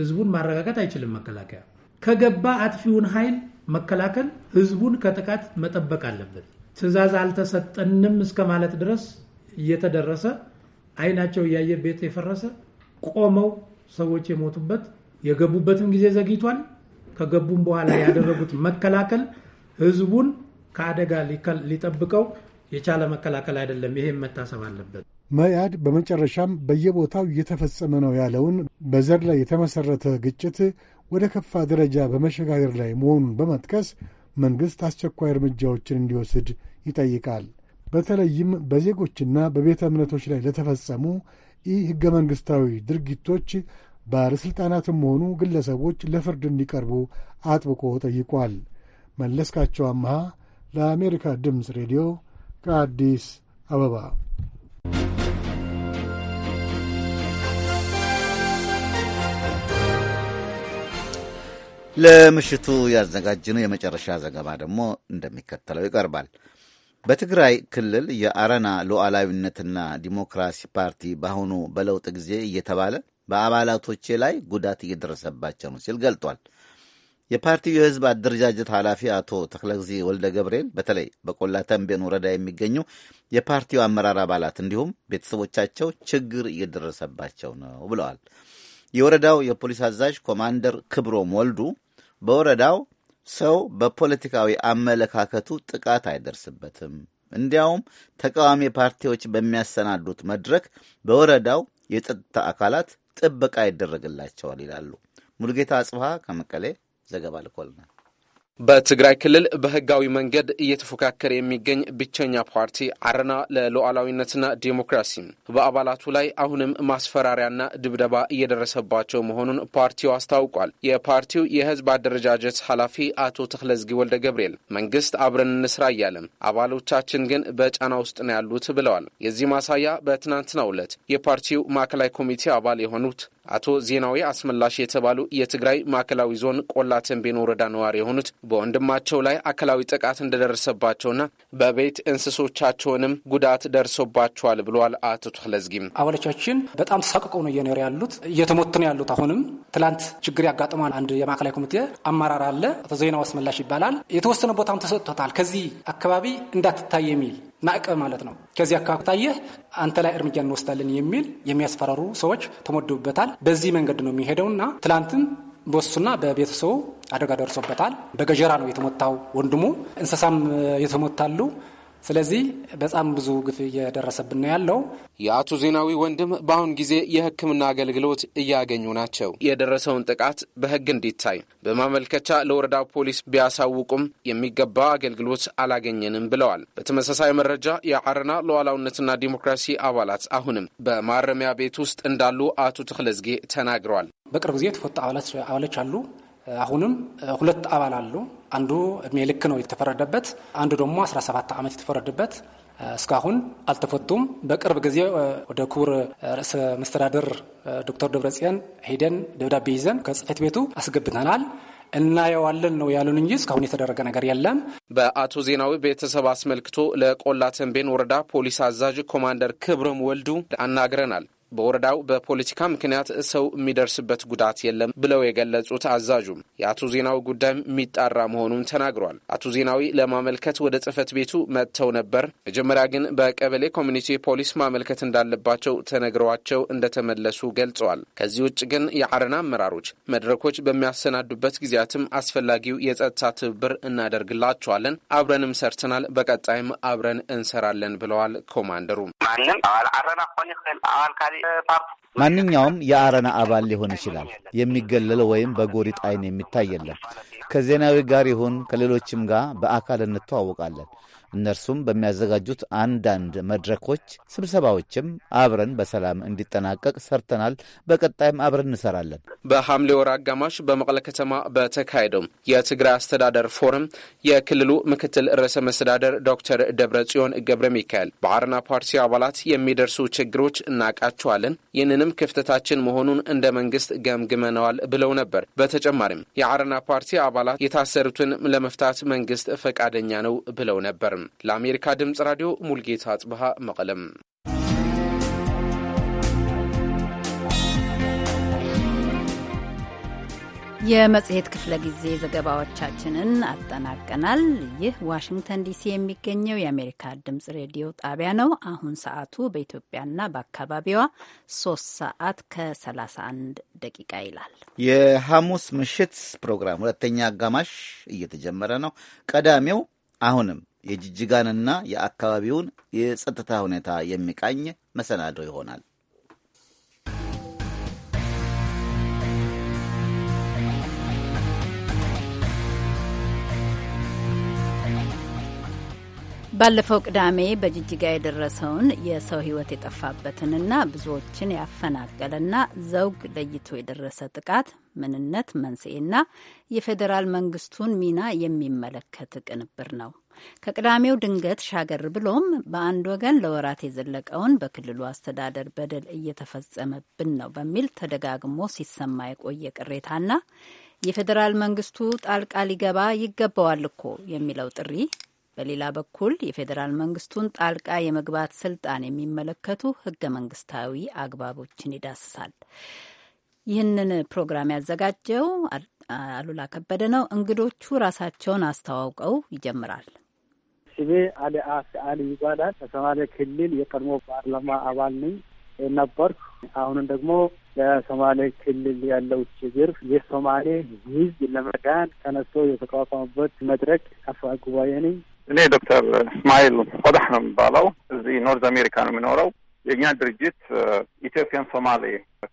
ህዝቡን ማረጋጋት አይችልም። መከላከያ ከገባ አጥፊውን ኃይል መከላከል፣ ህዝቡን ከጥቃት መጠበቅ አለበት። ትዕዛዝ አልተሰጠንም እስከ ማለት ድረስ እየተደረሰ አይናቸው እያየ ቤት የፈረሰ ቆመው ሰዎች የሞቱበት የገቡበትም ጊዜ ዘግይቷል። ከገቡም በኋላ ያደረጉት መከላከል ህዝቡን ከአደጋ ሊጠብቀው የቻለ መከላከል አይደለም። ይሄም መታሰብ አለበት። መያድ በመጨረሻም በየቦታው እየተፈጸመ ነው ያለውን በዘር ላይ የተመሰረተ ግጭት ወደ ከፋ ደረጃ በመሸጋገር ላይ መሆኑን በመጥቀስ መንግሥት አስቸኳይ እርምጃዎችን እንዲወስድ ይጠይቃል። በተለይም በዜጎችና በቤተ እምነቶች ላይ ለተፈጸሙ ኢ ሕገ መንግሥታዊ ድርጊቶች ባለሥልጣናትም ሆኑ ግለሰቦች ለፍርድ እንዲቀርቡ አጥብቆ ጠይቋል። መለስካቸው አምሃ ለአሜሪካ ድምፅ ሬዲዮ ከአዲስ አበባ ለምሽቱ ያዘጋጅነው የመጨረሻ ዘገባ ደግሞ እንደሚከተለው ይቀርባል። በትግራይ ክልል የአረና ሉዓላዊነትና ዲሞክራሲ ፓርቲ በአሁኑ በለውጥ ጊዜ እየተባለ በአባላቶቼ ላይ ጉዳት እየደረሰባቸው ነው ሲል ገልጧል። የፓርቲው የህዝብ አደረጃጀት ኃላፊ አቶ ተክለጊዜ ወልደ ገብርኤል በተለይ በቆላ ወረዳ የሚገኙ የፓርቲው አመራር አባላት እንዲሁም ቤተሰቦቻቸው ችግር እየደረሰባቸው ነው ብለዋል። የወረዳው የፖሊስ አዛዥ ኮማንደር ክብሮም ወልዱ በወረዳው ሰው በፖለቲካዊ አመለካከቱ ጥቃት አይደርስበትም። እንዲያውም ተቃዋሚ ፓርቲዎች በሚያሰናዱት መድረክ በወረዳው የጸጥታ አካላት ጥበቃ ይደረግላቸዋል ይላሉ። ሙልጌታ አጽብሃ ከመቀሌ ዘገባ ልኮልናል። በትግራይ ክልል በህጋዊ መንገድ እየተፎካከረ የሚገኝ ብቸኛ ፓርቲ አረና ለሉዓላዊነትና ዲሞክራሲ በአባላቱ ላይ አሁንም ማስፈራሪያና ድብደባ እየደረሰባቸው መሆኑን ፓርቲው አስታውቋል። የፓርቲው የህዝብ አደረጃጀት ኃላፊ አቶ ተክለዝጊ ወልደ ገብርኤል መንግስት አብረን እንስራ እያለም አባሎቻችን ግን በጫና ውስጥ ነው ያሉት ብለዋል። የዚህ ማሳያ በትናንትናው ዕለት የፓርቲው ማዕከላዊ ኮሚቴ አባል የሆኑት አቶ ዜናዊ አስመላሽ የተባሉ የትግራይ ማዕከላዊ ዞን ቆላ ተንቤን ወረዳ ነዋሪ የሆኑት በወንድማቸው ላይ አካላዊ ጥቃት እንደደረሰባቸውና በቤት እንስሶቻቸውንም ጉዳት ደርሶባቸዋል ብለዋል። አቶ ተክለዝጊም አባሎቻችን በጣም ተሳቅቀው ነው እየኖሩ ያሉት፣ እየተሞቱ ነው ያሉት። አሁንም ትላንት ችግር ያጋጥማል። አንድ የማዕከላዊ ኮሚቴ አመራር አለ፣ አቶ ዜናዊ አስመላሽ ይባላል። የተወሰነ ቦታም ተሰጥቶታል፣ ከዚህ አካባቢ እንዳትታይ የሚል ማዕቀብ ማለት ነው። ከዚህ አካባቢ ታየህ አንተ ላይ እርምጃ እንወስዳለን የሚል የሚያስፈራሩ ሰዎች ተመድቡበታል። በዚህ መንገድ ነው የሚሄደውና ትላንትም በሱና በቤተሰቡ አደጋ ደርሶበታል። በገጀራ ነው የተመታው። ወንድሙ እንስሳም የተመታሉ ስለዚህ በጣም ብዙ ግፍ እየደረሰብን ነው ያለው። የአቶ ዜናዊ ወንድም በአሁን ጊዜ የሕክምና አገልግሎት እያገኙ ናቸው። የደረሰውን ጥቃት በሕግ እንዲታይ በማመልከቻ ለወረዳ ፖሊስ ቢያሳውቁም የሚገባ አገልግሎት አላገኘንም ብለዋል። በተመሳሳይ መረጃ የአረና ሉዓላዊነትና ዲሞክራሲ አባላት አሁንም በማረሚያ ቤት ውስጥ እንዳሉ አቶ ተክለዝጌ ተናግረዋል። በቅርብ ጊዜ የተፈቱ አባሎች አሉ። አሁንም ሁለት አባል አሉ። አንዱ እድሜ ልክ ነው የተፈረደበት፣ አንዱ ደግሞ 17 ዓመት የተፈረደበት እስካሁን አልተፈቱም። በቅርብ ጊዜ ወደ ክቡር ርዕሰ መስተዳደር ዶክተር ደብረጽዮን ሄደን ደብዳቤ ይዘን ከጽህፈት ቤቱ አስገብተናል። እናየዋለን ነው ያሉን እንጂ እስካሁን የተደረገ ነገር የለም። በአቶ ዜናዊ ቤተሰብ አስመልክቶ ለቆላ ተንቤን ወረዳ ፖሊስ አዛዥ ኮማንደር ክብረም ወልዱ አናግረናል። በወረዳው በፖለቲካ ምክንያት ሰው የሚደርስበት ጉዳት የለም ብለው የገለጹት አዛዡም የአቶ ዜናዊ ጉዳይም የሚጣራ መሆኑን ተናግሯል። አቶ ዜናዊ ለማመልከት ወደ ጽህፈት ቤቱ መጥተው ነበር። መጀመሪያ ግን በቀበሌ ኮሚኒቲ ፖሊስ ማመልከት እንዳለባቸው ተነግረዋቸው እንደተመለሱ ገልጸዋል። ከዚህ ውጭ ግን የአረና አመራሮች መድረኮች በሚያሰናዱበት ጊዜያትም አስፈላጊው የጸጥታ ትብብር እናደርግላቸዋለን፣ አብረንም ሰርተናል፣ በቀጣይም አብረን እንሰራለን ብለዋል። ኮማንደሩ ማንም አረና ይክል ማንኛውም የአረና አባል ሊሆን ይችላል። የሚገለል ወይም በጎሪጥ አይን የሚታይ የለም። ከዜናዊ ጋር ይሁን ከሌሎችም ጋር በአካል እንተዋወቃለን። እነርሱም በሚያዘጋጁት አንዳንድ መድረኮች፣ ስብሰባዎችም አብረን በሰላም እንዲጠናቀቅ ሰርተናል። በቀጣይም አብረን እንሰራለን። በሐምሌ ወር አጋማሽ በመቀለ ከተማ በተካሄደው የትግራይ አስተዳደር ፎረም የክልሉ ምክትል ርዕሰ መስተዳደር ዶክተር ደብረ ጽዮን ገብረ ሚካኤል በአረና ፓርቲ አባላት የሚደርሱ ችግሮች እናውቃቸዋለን፣ ይህንንም ክፍተታችን መሆኑን እንደ መንግስት ገምግመነዋል ብለው ነበር። በተጨማሪም የአረና ፓርቲ አባላት የታሰሩትን ለመፍታት መንግስት ፈቃደኛ ነው ብለው ነበር። ለአሜሪካ ድምፅ ራዲዮ ሙልጌታ አጽብሃ መቀለም። የመጽሔት ክፍለ ጊዜ ዘገባዎቻችንን አጠናቀናል። ይህ ዋሽንግተን ዲሲ የሚገኘው የአሜሪካ ድምጽ ሬዲዮ ጣቢያ ነው። አሁን ሰዓቱ በኢትዮጵያና በአካባቢዋ ሶስት ሰዓት ከ31 ደቂቃ ይላል። የሐሙስ ምሽት ፕሮግራም ሁለተኛ አጋማሽ እየተጀመረ ነው። ቀዳሚው አሁንም የጅጅጋንና የአካባቢውን የጸጥታ ሁኔታ የሚቃኝ መሰናዶ ይሆናል። ባለፈው ቅዳሜ በጅጅጋ የደረሰውን የሰው ሕይወት የጠፋበትንና ብዙዎችን ያፈናቀለና ዘውግ ለይቶ የደረሰ ጥቃት ምንነት፣ መንስኤና የፌዴራል መንግስቱን ሚና የሚመለከት ቅንብር ነው። ከቅዳሜው ድንገት ሻገር ብሎም በአንድ ወገን ለወራት የዘለቀውን በክልሉ አስተዳደር በደል እየተፈጸመብን ነው በሚል ተደጋግሞ ሲሰማ የቆየ ቅሬታና የፌዴራል መንግስቱ ጣልቃ ሊገባ ይገባዋል እኮ የሚለው ጥሪ በሌላ በኩል የፌዴራል መንግስቱን ጣልቃ የመግባት ስልጣን የሚመለከቱ ህገ መንግስታዊ አግባቦችን ይዳስሳል። ይህንን ፕሮግራም ያዘጋጀው አሉላ ከበደ ነው። እንግዶቹ ራሳቸውን አስተዋውቀው ይጀምራል። ስሜ አሊ ይባላል። ከሶማሌ ክልል የቀድሞ ፓርላማ አባል ነኝ ነበርኩ። አሁንም ደግሞ ለሶማሌ ክልል ያለው ችግር የሶማሌ ሕዝብ ለመዳን ተነስቶ የተቋቋሙበት መድረክ አፈ ጉባኤ ነኝ። እኔ ዶክተር እስማኤል ቆዳህ ነው የሚባለው። እዚህ ኖርዝ አሜሪካ ነው የሚኖረው። የእኛ ድርጅት ኢትዮጵያን ሶማሌ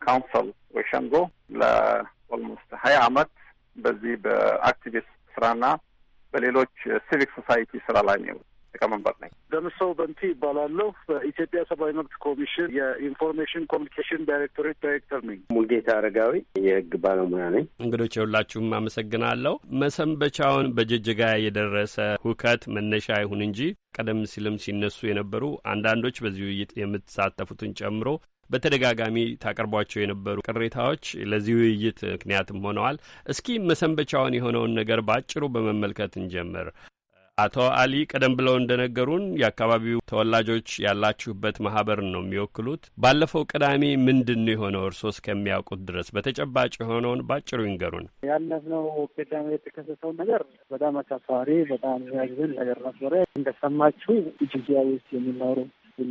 ካውንስል ወይ ሸንጎ ለኦልሞስት ሀያ አመት በዚህ በአክቲቪስት ስራና በሌሎች ሲቪክ ሶሳይቲ ስራ ላይ ነው ሊቀመንበር ነኝ። ደምሰው በንቲ ይባላለሁ። በኢትዮጵያ ሰብአዊ መብት ኮሚሽን የኢንፎርሜሽን ኮሚኒኬሽን ዳይሬክቶሬት ዳይሬክተር ነኝ። ሙልጌታ አረጋዊ የህግ ባለሙያ ነኝ። እንግዶች የሁላችሁም አመሰግናለሁ። መሰንበቻውን በጅጅጋ የደረሰ ሁከት መነሻ ይሁን እንጂ ቀደም ሲልም ሲነሱ የነበሩ አንዳንዶች በዚህ ውይይት የምትሳተፉትን ጨምሮ በተደጋጋሚ ታቀርቧቸው የነበሩ ቅሬታዎች ለዚህ ውይይት ምክንያትም ሆነዋል። እስኪ መሰንበቻውን የሆነውን ነገር በአጭሩ በመመልከት እንጀምር። አቶ አሊ ቀደም ብለው እንደነገሩን የአካባቢው ተወላጆች ያላችሁበት ማህበር ነው የሚወክሉት። ባለፈው ቅዳሜ ምንድን ነው የሆነው? እርስዎ እስከሚያውቁት ድረስ በተጨባጭ የሆነውን ባጭሩ ይንገሩን። ያለፍነው ቅዳሜ የተከሰተውን ነገር በጣም አሳፋሪ፣ በጣም ያዝን ነገር ነበረ። እንደሰማችሁ ጅጅጋ ውስጥ የሚኖሩ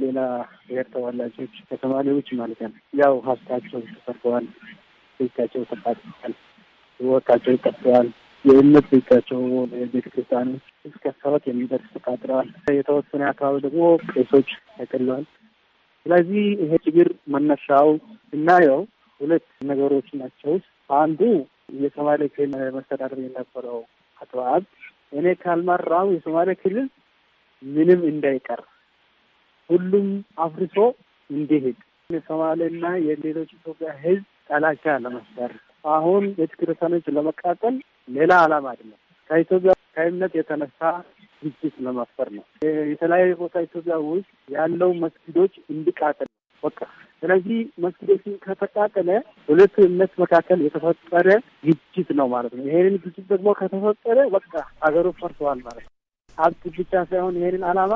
ሌላ ብሔር ተወላጆች ከሶማሌዎች ማለት ነው ያው ሀብታቸው ተሰርገዋል፣ ቤታቸው ተቃጥሏል፣ ህይወታቸው ይቀጥለዋል። የእምነት ቤታቸው ቤተክርስቲያኖች እስከ ሰባት የሚደርስ ተቃጥለዋል። የተወሰነ አካባቢ ደግሞ ቄሶች ተገድለዋል። ስለዚህ ይሄ ችግር መነሻው ስናየው ሁለት ነገሮች ናቸው። አንዱ የሶማሌ ክልል መስተዳደር የነበረው አቶ አብድ እኔ ካልመራው የሶማሌ ክልል ምንም እንዳይቀር ሁሉም አፍርሶ እንዲሄድ የሶማሌና የሌሎች ኢትዮጵያ ህዝብ ጠላቻ ለመፍጠር አሁን ቤተክርስቲያኖች ለመቃጠል ሌላ አላማ አይደለም። ከኢትዮጵያ ከእምነት የተነሳ ግጭት ለመፍጠር ነው። የተለያዩ ቦታ ኢትዮጵያ ውስጥ ያለው መስጊዶች እንዲቃጠል በቃ። ስለዚህ መስጊዶችን ከተቃጠለ ሁለቱ እምነት መካከል የተፈጠረ ግጭት ነው ማለት ነው። ይሄንን ግጭት ደግሞ ከተፈጠረ በቃ ሀገሩ ፈርሰዋል ማለት ነው። ሀብት ብቻ ሳይሆን ይሄንን ዓላማ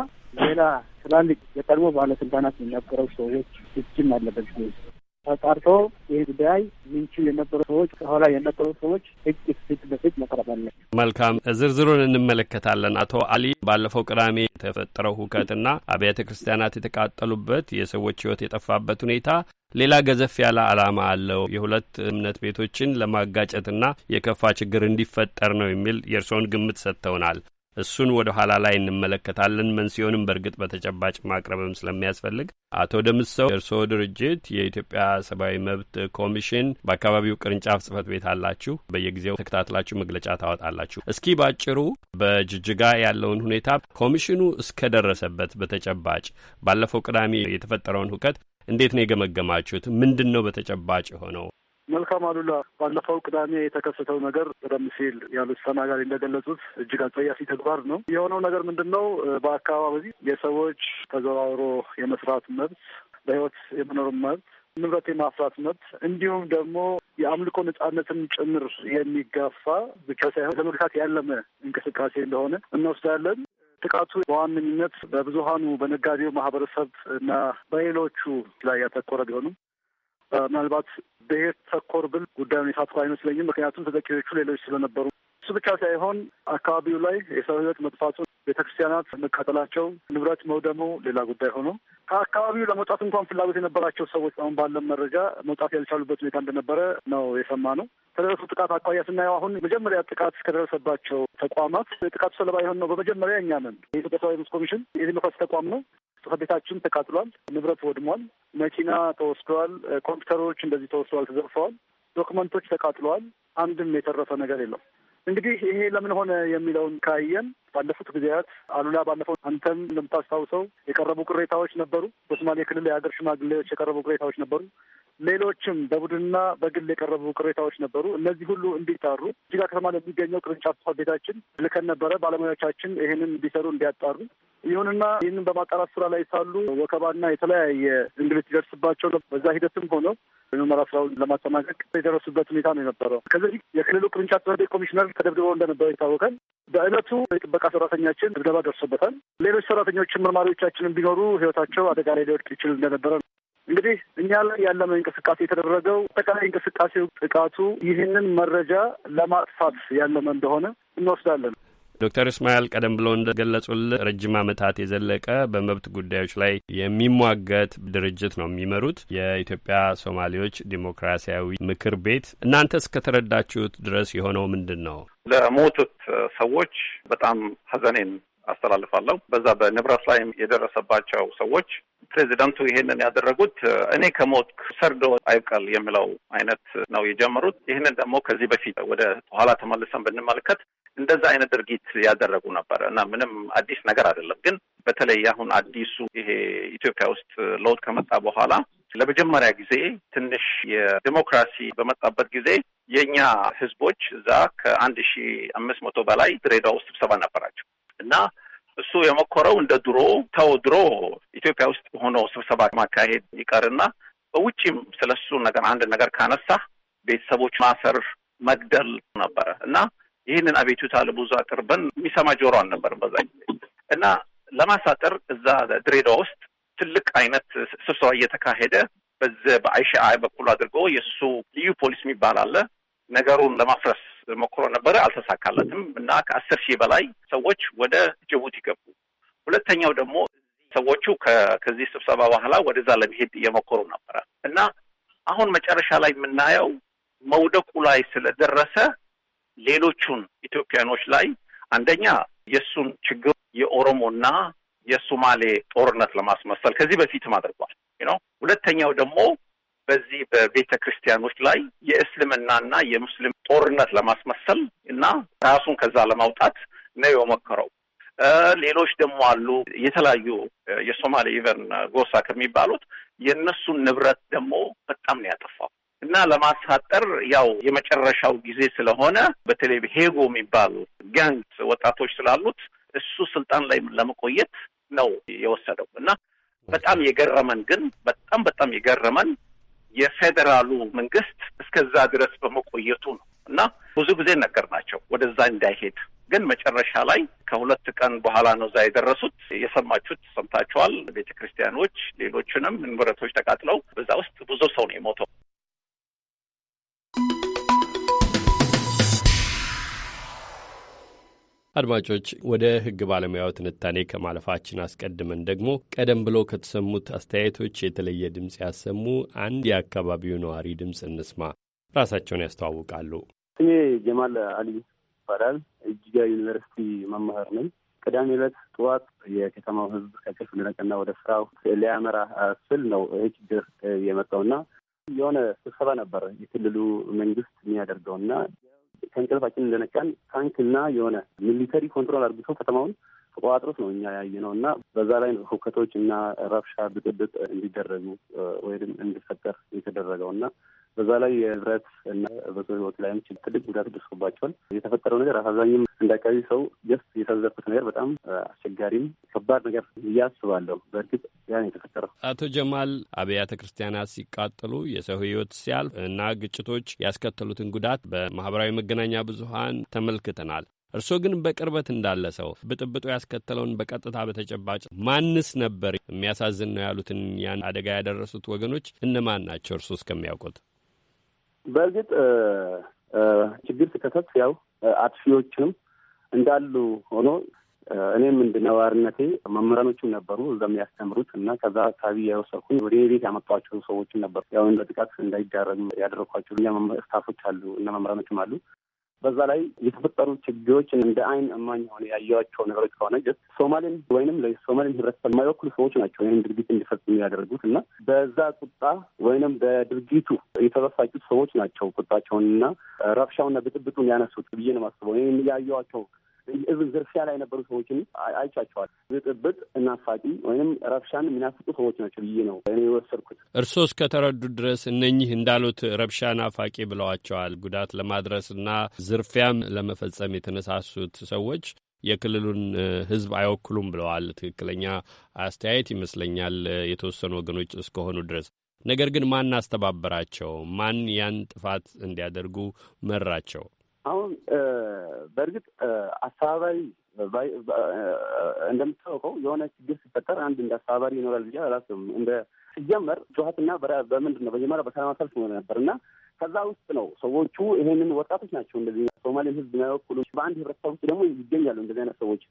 ሌላ ትላልቅ የቀድሞ ባለስልጣናት የነበረው ሰዎች እጅም አለበት ተጣርቶ ይህ ጉዳይ ምንቹ የነበሩ ሰዎች ከኋላ የነበሩ ሰዎች ህግ ፊት በፊት መቅረብ አለ። መልካም ዝርዝሩን እንመለከታለን። አቶ አሊ ባለፈው ቅዳሜ የተፈጠረው ሁከትና አብያተ ክርስቲያናት የተቃጠሉበት የሰዎች ህይወት የጠፋበት ሁኔታ ሌላ ገዘፍ ያለ ዓላማ አለው፣ የሁለት እምነት ቤቶችን ለማጋጨትና የከፋ ችግር እንዲፈጠር ነው የሚል የእርስዎን ግምት ሰጥተውናል። እሱን ወደ ኋላ ላይ እንመለከታለን። መንስኤውንም በእርግጥ በተጨባጭ ማቅረብም ስለሚያስፈልግ አቶ ደምሰው የእርስዎ ድርጅት የኢትዮጵያ ሰብአዊ መብት ኮሚሽን በአካባቢው ቅርንጫፍ ጽህፈት ቤት አላችሁ። በየጊዜው ተከታትላችሁ መግለጫ ታወጣላችሁ። እስኪ ባጭሩ በጅጅጋ ያለውን ሁኔታ ኮሚሽኑ እስከደረሰበት በተጨባጭ ባለፈው ቅዳሜ የተፈጠረውን ሁከት እንዴት ነው የገመገማችሁት? ምንድን ነው በተጨባጭ የሆነው? መልካም አሉላ፣ ባለፈው ቅዳሜ የተከሰተው ነገር ቀደም ሲል ያሉት ተናጋሪ እንደገለጹት እጅግ አጸያፊ ተግባር ነው። የሆነው ነገር ምንድን ነው? በአካባቢ የሰዎች ተዘዋውሮ የመስራት መብት፣ በህይወት የመኖር መብት፣ ንብረት የማፍራት መብት እንዲሁም ደግሞ የአምልኮ ነጻነትን ጭምር የሚጋፋ ብቻ ሳይሆን ለመግታት ያለመ እንቅስቃሴ እንደሆነ እንወስዳለን። ጥቃቱ በዋነኝነት በብዙሀኑ በነጋዴው ማህበረሰብ እና በሌሎቹ ላይ ያተኮረ ቢሆንም ምናልባት ብሔር ተኮር ብል ጉዳዩን የሳትኩ አይመስለኝም። ምክንያቱም ተጠቂዎቹ ሌሎች ስለነበሩ እሱ ብቻ ሳይሆን አካባቢው ላይ የሰው ህይወት መጥፋቱ፣ ቤተክርስቲያናት መቃጠላቸው፣ ንብረት መውደሙ ሌላ ጉዳይ ሆኖ ከአካባቢው ለመውጣት እንኳን ፍላጎት የነበራቸው ሰዎች አሁን ባለን መረጃ መውጣት ያልቻሉበት ሁኔታ እንደነበረ ነው የሰማ ነው። ከደረሱ ጥቃት አኳያ ስናየው አሁን መጀመሪያ ጥቃት ከደረሰባቸው ተቋማት ጥቃቱ ሰለባ የሆን ነው በመጀመሪያ እኛ ነን። የኢትዮጵያ ሰብአዊ መብት ኮሚሽን የዲሞክራሲ ተቋም ነው። ጽሕፈት ቤታችን ተቃጥሏል፣ ንብረት ወድሟል፣ መኪና ተወስደዋል፣ ኮምፒውተሮች እንደዚህ ተወስደዋል፣ ተዘርፈዋል፣ ዶክመንቶች ተቃጥለዋል። አንድም የተረፈ ነገር የለም። እንግዲህ ይሄ ለምን ሆነ የሚለውን ካየን ባለፉት ጊዜያት አሉላ ባለፈው አንተም እንደምታስታውሰው የቀረቡ ቅሬታዎች ነበሩ። በሶማሌ ክልል የሀገር ሽማግሌዎች የቀረቡ ቅሬታዎች ነበሩ። ሌሎችም በቡድንና በግል የቀረቡ ቅሬታዎች ነበሩ። እነዚህ ሁሉ እንዲጣሩ ጅጋ ከተማ ለሚገኘው ቅርንጫፍ ጽሕፈት ቤታችን ልከን ነበረ። ባለሙያዎቻችን ይህንን እንዲሰሩ እንዲያጣሩ ይሁንና ይህንን በማጣራት ስራ ላይ ሳሉ ወከባና የተለያየ እንግልት ይደርስባቸው ነበር። በዛ ሂደትም ሆኖ የምርመራ ስራውን ለማጠናቀቅ የደረሱበት ሁኔታ ነው የነበረው። ከዚህ የክልሉ ቅርንጫፍ ጽሕፈት ቤት ኮሚሽነር ተደብድበው እንደነበረ ይታወቃል። በእለቱ የጥበቃ ሰራተኛችን ድብደባ ደርሶበታል። ሌሎች ሰራተኞችን መርማሪዎቻችንን ቢኖሩ ህይወታቸው አደጋ ላይ ሊወድቅ ይችል እንደነበረ ነው። እንግዲህ እኛ ላይ ያለመ እንቅስቃሴ የተደረገው አጠቃላይ እንቅስቃሴው ጥቃቱ ይህንን መረጃ ለማጥፋት ያለመ እንደሆነ እንወስዳለን። ዶክተር እስማኤል ቀደም ብሎ እንደገለጹልህ ረጅም ዓመታት የዘለቀ በመብት ጉዳዮች ላይ የሚሟገት ድርጅት ነው የሚመሩት፣ የኢትዮጵያ ሶማሌዎች ዲሞክራሲያዊ ምክር ቤት። እናንተ እስከተረዳችሁት ድረስ የሆነው ምንድን ነው? ለሞቱት ሰዎች በጣም ሀዘኔን አስተላልፋለሁ። በዛ በንብረት ላይ የደረሰባቸው ሰዎች ፕሬዚደንቱ ይሄንን ያደረጉት እኔ ከሞት ሰርዶ አይብቀል የሚለው አይነት ነው የጀመሩት። ይህንን ደግሞ ከዚህ በፊት ወደ ኋላ ተመልሰን ብንመለከት እንደዛ አይነት ድርጊት ያደረጉ ነበር እና ምንም አዲስ ነገር አይደለም። ግን በተለይ አሁን አዲሱ ይሄ ኢትዮጵያ ውስጥ ለውጥ ከመጣ በኋላ ለመጀመሪያ ጊዜ ትንሽ የዲሞክራሲ በመጣበት ጊዜ የእኛ ህዝቦች እዛ ከአንድ ሺ አምስት መቶ በላይ ድሬዳዋ ውስጥ ስብሰባ ነበራቸው። እና እሱ የሞከረው እንደ ድሮ ተው ድሮ ኢትዮጵያ ውስጥ ሆኖ ስብሰባ ማካሄድ ይቀርና በውጭም ስለ እሱ ነገር አንድ ነገር ካነሳ ቤተሰቦች ማሰር፣ መግደል ነበረ እና ይህንን አቤቱታ ለብዙ አቅርበን የሚሰማ ጆሮ አልነበርም በዛ ጊዜ እና ለማሳጠር እዛ ድሬዳዋ ውስጥ ትልቅ አይነት ስብሰባ እየተካሄደ በዚ በአይሻ በኩል አድርጎ የእሱ ልዩ ፖሊስ የሚባል አለ ነገሩን ለማፍረስ ሞክሮ ነበረ፣ አልተሳካለትም እና ከአስር ሺህ በላይ ሰዎች ወደ ጅቡቲ ገቡ። ሁለተኛው ደግሞ ሰዎቹ ከዚህ ስብሰባ በኋላ ወደዛ ለመሄድ እየሞከሩ ነበረ እና አሁን መጨረሻ ላይ የምናየው መውደቁ ላይ ስለደረሰ ሌሎቹን ኢትዮጵያኖች ላይ አንደኛ የእሱን ችግር የኦሮሞና የሶማሌ ጦርነት ለማስመሰል ከዚህ በፊትም አድርጓል ነው። ሁለተኛው ደግሞ በዚህ በቤተ ክርስቲያኖች ላይ የእስልምናና የሙስሊም ጦርነት ለማስመሰል እና ራሱን ከዛ ለማውጣት ነው የሞከረው። ሌሎች ደግሞ አሉ። የተለያዩ የሶማሌ ኢቨን ጎሳ ከሚባሉት የእነሱን ንብረት ደግሞ በጣም ነው ያጠፋው እና ለማሳጠር ያው የመጨረሻው ጊዜ ስለሆነ በተለይ ሄጎ የሚባሉ ጋንግ ወጣቶች ስላሉት እሱ ስልጣን ላይ ለመቆየት ነው የወሰደው እና በጣም የገረመን ግን በጣም በጣም የገረመን የፌዴራሉ መንግስት እስከዛ ድረስ በመቆየቱ ነው እና ብዙ ጊዜ ነገር ናቸው ወደዛ እንዳይሄድ ግን መጨረሻ ላይ ከሁለት ቀን በኋላ ነው እዛ የደረሱት። የሰማችሁት ሰምታችኋል። ቤተ ክርስቲያኖች፣ ሌሎችንም ንብረቶች ተቃጥለው በዛ ውስጥ ብዙ ሰው ነው የሞተው። አድማጮች ወደ ሕግ ባለሙያው ትንታኔ ከማለፋችን አስቀድመን ደግሞ ቀደም ብሎ ከተሰሙት አስተያየቶች የተለየ ድምፅ ያሰሙ አንድ የአካባቢው ነዋሪ ድምፅ እንስማ። ራሳቸውን ያስተዋውቃሉ። ስሜ ጀማል አሊ ይባላል። እጅጋ ዩኒቨርሲቲ መምህር ነኝ። ቅዳሜ ዕለት ጠዋት የከተማው ሕዝብ ከክፍ ወደ ስራው ሊያመራ ስል ነው ይህ ችግር የመጣውና የሆነ ስብሰባ ነበር የክልሉ መንግስት የሚያደርገውና ከእንቅልፋችን እንደነቃን ታንክና የሆነ ሚሊተሪ ኮንትሮል አድርጎ ከተማውን ተቆጣጥሮት ነው እኛ ነው እና በዛ ላይ ነው ሁከቶች እና ረብሻ ብጥብጥ እንዲደረጉ ወይም እንዲፈጠር የተደረገው እና በዛ ላይ የንብረት እና በሰው ህይወት ላይም ትልቅ ጉዳት ደርሶባቸዋል። የተፈጠረው ነገር አሳዛኝም እንዳቃቢ ሰው ጀስ የተዘረፉት ነገር በጣም አስቸጋሪም ከባድ ነገር እያስባለሁ። በእርግጥ ያን የተፈጠረው አቶ ጀማል አብያተ ክርስቲያናት ሲቃጠሉ የሰው ህይወት ሲያልፍ እና ግጭቶች ያስከተሉትን ጉዳት በማህበራዊ መገናኛ ብዙሀን ተመልክተናል። እርስዎ ግን በቅርበት እንዳለ ሰው ብጥብጡ ያስከተለውን በቀጥታ በተጨባጭ ማንስ ነበር የሚያሳዝን ነው ያሉትን ያን አደጋ ያደረሱት ወገኖች እነማን ናቸው? እርስዎ እስከሚያውቁት በእርግጥ ችግር ሲከሰት ያው አጥፊዎችም እንዳሉ ሆኖ እኔም እንደ ነዋሪነቴ መምህራኖችም ነበሩ እዛ የሚያስተምሩት እና ከዛ አካባቢ የወሰድኩኝ ወደ ቤት ያመጧቸው ሰዎችም ነበሩ። ያው እንደ ጥቃት እንዳይዳረጉ ያደረኳቸው ስታፎች አሉ እና መምህራኖችም አሉ። በዛ ላይ የተፈጠሩ ችግሮች እንደ አይን እማኝ የሆነ ያየዋቸው ነገሮች ከሆነ ግን ሶማሌን ወይንም ለሶማሌን ህብረተሰብ የማይወክሉ ሰዎች ናቸው ይህን ድርጊት እንዲፈጽሙ ያደረጉት እና በዛ ቁጣ ወይንም በድርጊቱ የተበሳጩት ሰዎች ናቸው ቁጣቸውን እና ረብሻውና ብጥብጡን ያነሱት ብዬ ነው የማስበው። ይህን ያየዋቸው ኢቭን ዝርፊያ ላይ የነበሩ ሰዎችን አይቻቸዋል። ብጥብጥ እናፋቂ ወይም ረብሻን የሚናፍቁ ሰዎች ናቸው ብዬ ነው እኔ የወሰድኩት። እርስዎ እስከተረዱ ድረስ እነኚህ እንዳሉት ረብሻ ናፋቂ ብለዋቸዋል። ጉዳት ለማድረስ እና ዝርፊያም ለመፈጸም የተነሳሱት ሰዎች የክልሉን ሕዝብ አይወክሉም ብለዋል። ትክክለኛ አስተያየት ይመስለኛል የተወሰኑ ወገኖች እስከሆኑ ድረስ ነገር ግን ማን አስተባበራቸው? ማን ያን ጥፋት እንዲያደርጉ መራቸው? አሁን በእርግጥ አስተባባሪ እንደምታወቀው የሆነ ችግር ሲፈጠር አንድ እንደ አስተባባሪ ይኖራል ብዬ አላስብም። እንደ ሲጀመር ጨዋትና በምንድን ነው በመጀመሪያ በሰላማዊ ሰልፍ ሆነ ነበር እና ከዛ ውስጥ ነው ሰዎቹ ይሄንን ወጣቶች ናቸው እንደዚህ ሶማሌ ህዝብ የሚያወክሉ በአንድ ህብረተሰብ ውስጥ ደግሞ ይገኛሉ እንደዚህ አይነት ሰዎች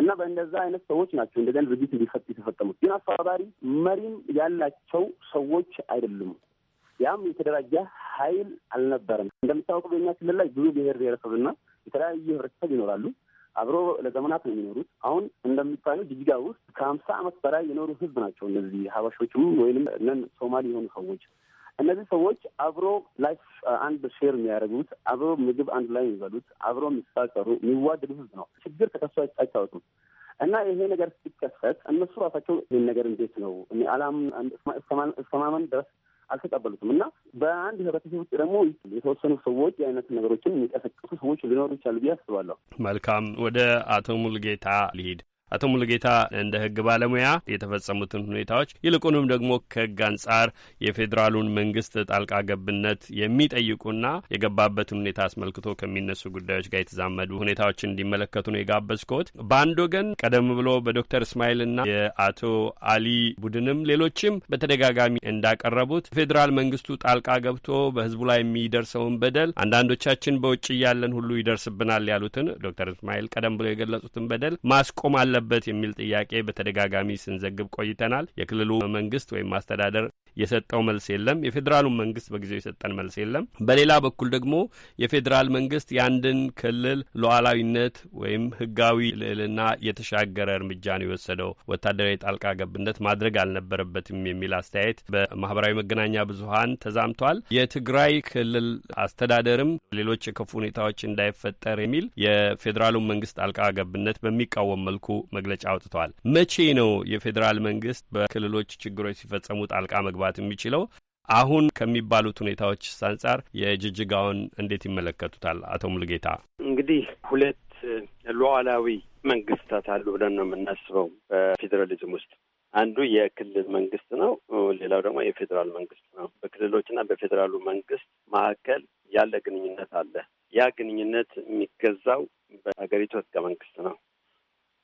እና በእንደዛ አይነት ሰዎች ናቸው እንደዚህ አይነት ድርጊት እንዲፈጥ የተፈጠሙት። ግን አስተባባሪ መሪም ያላቸው ሰዎች አይደሉም። ያም የተደራጀ ኃይል አልነበረም። እንደምታወቀው በኛ ክልል ላይ ብዙ ብሔር ብሔረሰብና የተለያዩ ህብረተሰብ ይኖራሉ። አብሮ ለዘመናት ነው የሚኖሩት። አሁን እንደሚባለው ጅጅጋ ውስጥ ከሀምሳ ዓመት በላይ የኖሩ ህዝብ ናቸው። እነዚህ ሀበሾችም ወይም ነን ሶማሊ የሆኑ ሰዎች እነዚህ ሰዎች አብሮ ላይፍ አንድ ሼር የሚያደርጉት አብሮ ምግብ አንድ ላይ የሚበሉት አብሮ የሚፋቀሩ የሚዋደዱ ህዝብ ነው። ችግር ተከሶ አይታወቁም እና ይሄ ነገር ሲከሰት እነሱ ራሳቸው ይህን ነገር እንዴት ነው አላም እስከማመን ድረስ አልተቀበሉትም እና በአንድ ህብረተሰብ ውስጥ ደግሞ የተወሰኑ ሰዎች የአይነት ነገሮችን የሚቀሰቅሱ ሰዎች ሊኖሩ ይቻሉ ብዬ አስባለሁ። መልካም ወደ አቶ ሙልጌታ ልሂድ። አቶ ሙሉጌታ እንደ ህግ ባለሙያ የተፈጸሙትን ሁኔታዎች ይልቁንም ደግሞ ከህግ አንጻር የፌዴራሉን መንግስት ጣልቃ ገብነት የሚጠይቁና የገባበትን ሁኔታ አስመልክቶ ከሚነሱ ጉዳዮች ጋር የተዛመዱ ሁኔታዎችን እንዲመለከቱ ነው የጋበዝኩት። በአንድ ወገን ቀደም ብሎ በዶክተር እስማኤልና የአቶ አሊ ቡድንም ሌሎችም በተደጋጋሚ እንዳቀረቡት ፌዴራል መንግስቱ ጣልቃ ገብቶ በህዝቡ ላይ የሚደርሰውን በደል አንዳንዶቻችን በውጭ እያለን ሁሉ ይደርስብናል ያሉትን ዶክተር እስማኤል ቀደም ብሎ የገለጹትን በደል ማስቆም አለ አለበት የሚል ጥያቄ በተደጋጋሚ ስንዘግብ ቆይተናል። የክልሉ መንግስት ወይም አስተዳደር የሰጠው መልስ የለም። የፌዴራሉን መንግስት በጊዜው የሰጠን መልስ የለም። በሌላ በኩል ደግሞ የፌዴራል መንግስት የአንድን ክልል ሉዓላዊነት ወይም ህጋዊ ልዕልና የተሻገረ እርምጃ ነው የወሰደው፣ ወታደራዊ ጣልቃ ገብነት ማድረግ አልነበረበትም የሚል አስተያየት በማህበራዊ መገናኛ ብዙሀን ተዛምቷል። የትግራይ ክልል አስተዳደርም ሌሎች የከፉ ሁኔታዎች እንዳይፈጠር የሚል የፌዴራሉን መንግስት ጣልቃ ገብነት በሚቃወም መልኩ መግለጫ አውጥተዋል። መቼ ነው የፌዴራል መንግስት በክልሎች ችግሮች ሲፈጸሙ ጣልቃ መግባት የሚችለው? አሁን ከሚባሉት ሁኔታዎች አንጻር የጅጅጋውን እንዴት ይመለከቱታል? አቶ ሙልጌታ። እንግዲህ ሁለት ሉዓላዊ መንግስታት አሉ ብለን ነው የምናስበው በፌዴራሊዝም ውስጥ አንዱ የክልል መንግስት ነው። ሌላው ደግሞ የፌዴራል መንግስት ነው። በክልሎችና በፌዴራሉ መንግስት መካከል ያለ ግንኙነት አለ። ያ ግንኙነት የሚገዛው በሀገሪቱ ህገ መንግስት ነው።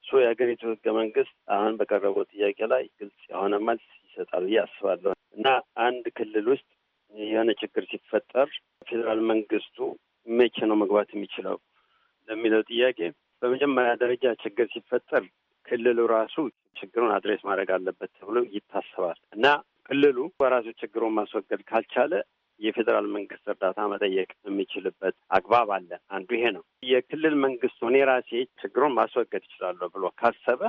ሶ የሀገሪቱ ህገ መንግስት አሁን በቀረበው ጥያቄ ላይ ግልጽ የሆነ መልስ ይሰጣል ብዬ አስባለሁ እና አንድ ክልል ውስጥ የሆነ ችግር ሲፈጠር ፌዴራል መንግስቱ መቼ ነው መግባት የሚችለው ለሚለው ጥያቄ በመጀመሪያ ደረጃ ችግር ሲፈጠር ክልሉ ራሱ ችግሩን አድሬስ ማድረግ አለበት ተብሎ ይታሰባል እና ክልሉ በራሱ ችግሩን ማስወገድ ካልቻለ የፌዴራል መንግስት እርዳታ መጠየቅ የሚችልበት አግባብ አለ። አንዱ ይሄ ነው። የክልል መንግስት እኔ ራሴ ችግሩን ማስወገድ እችላለሁ ብሎ ካሰበ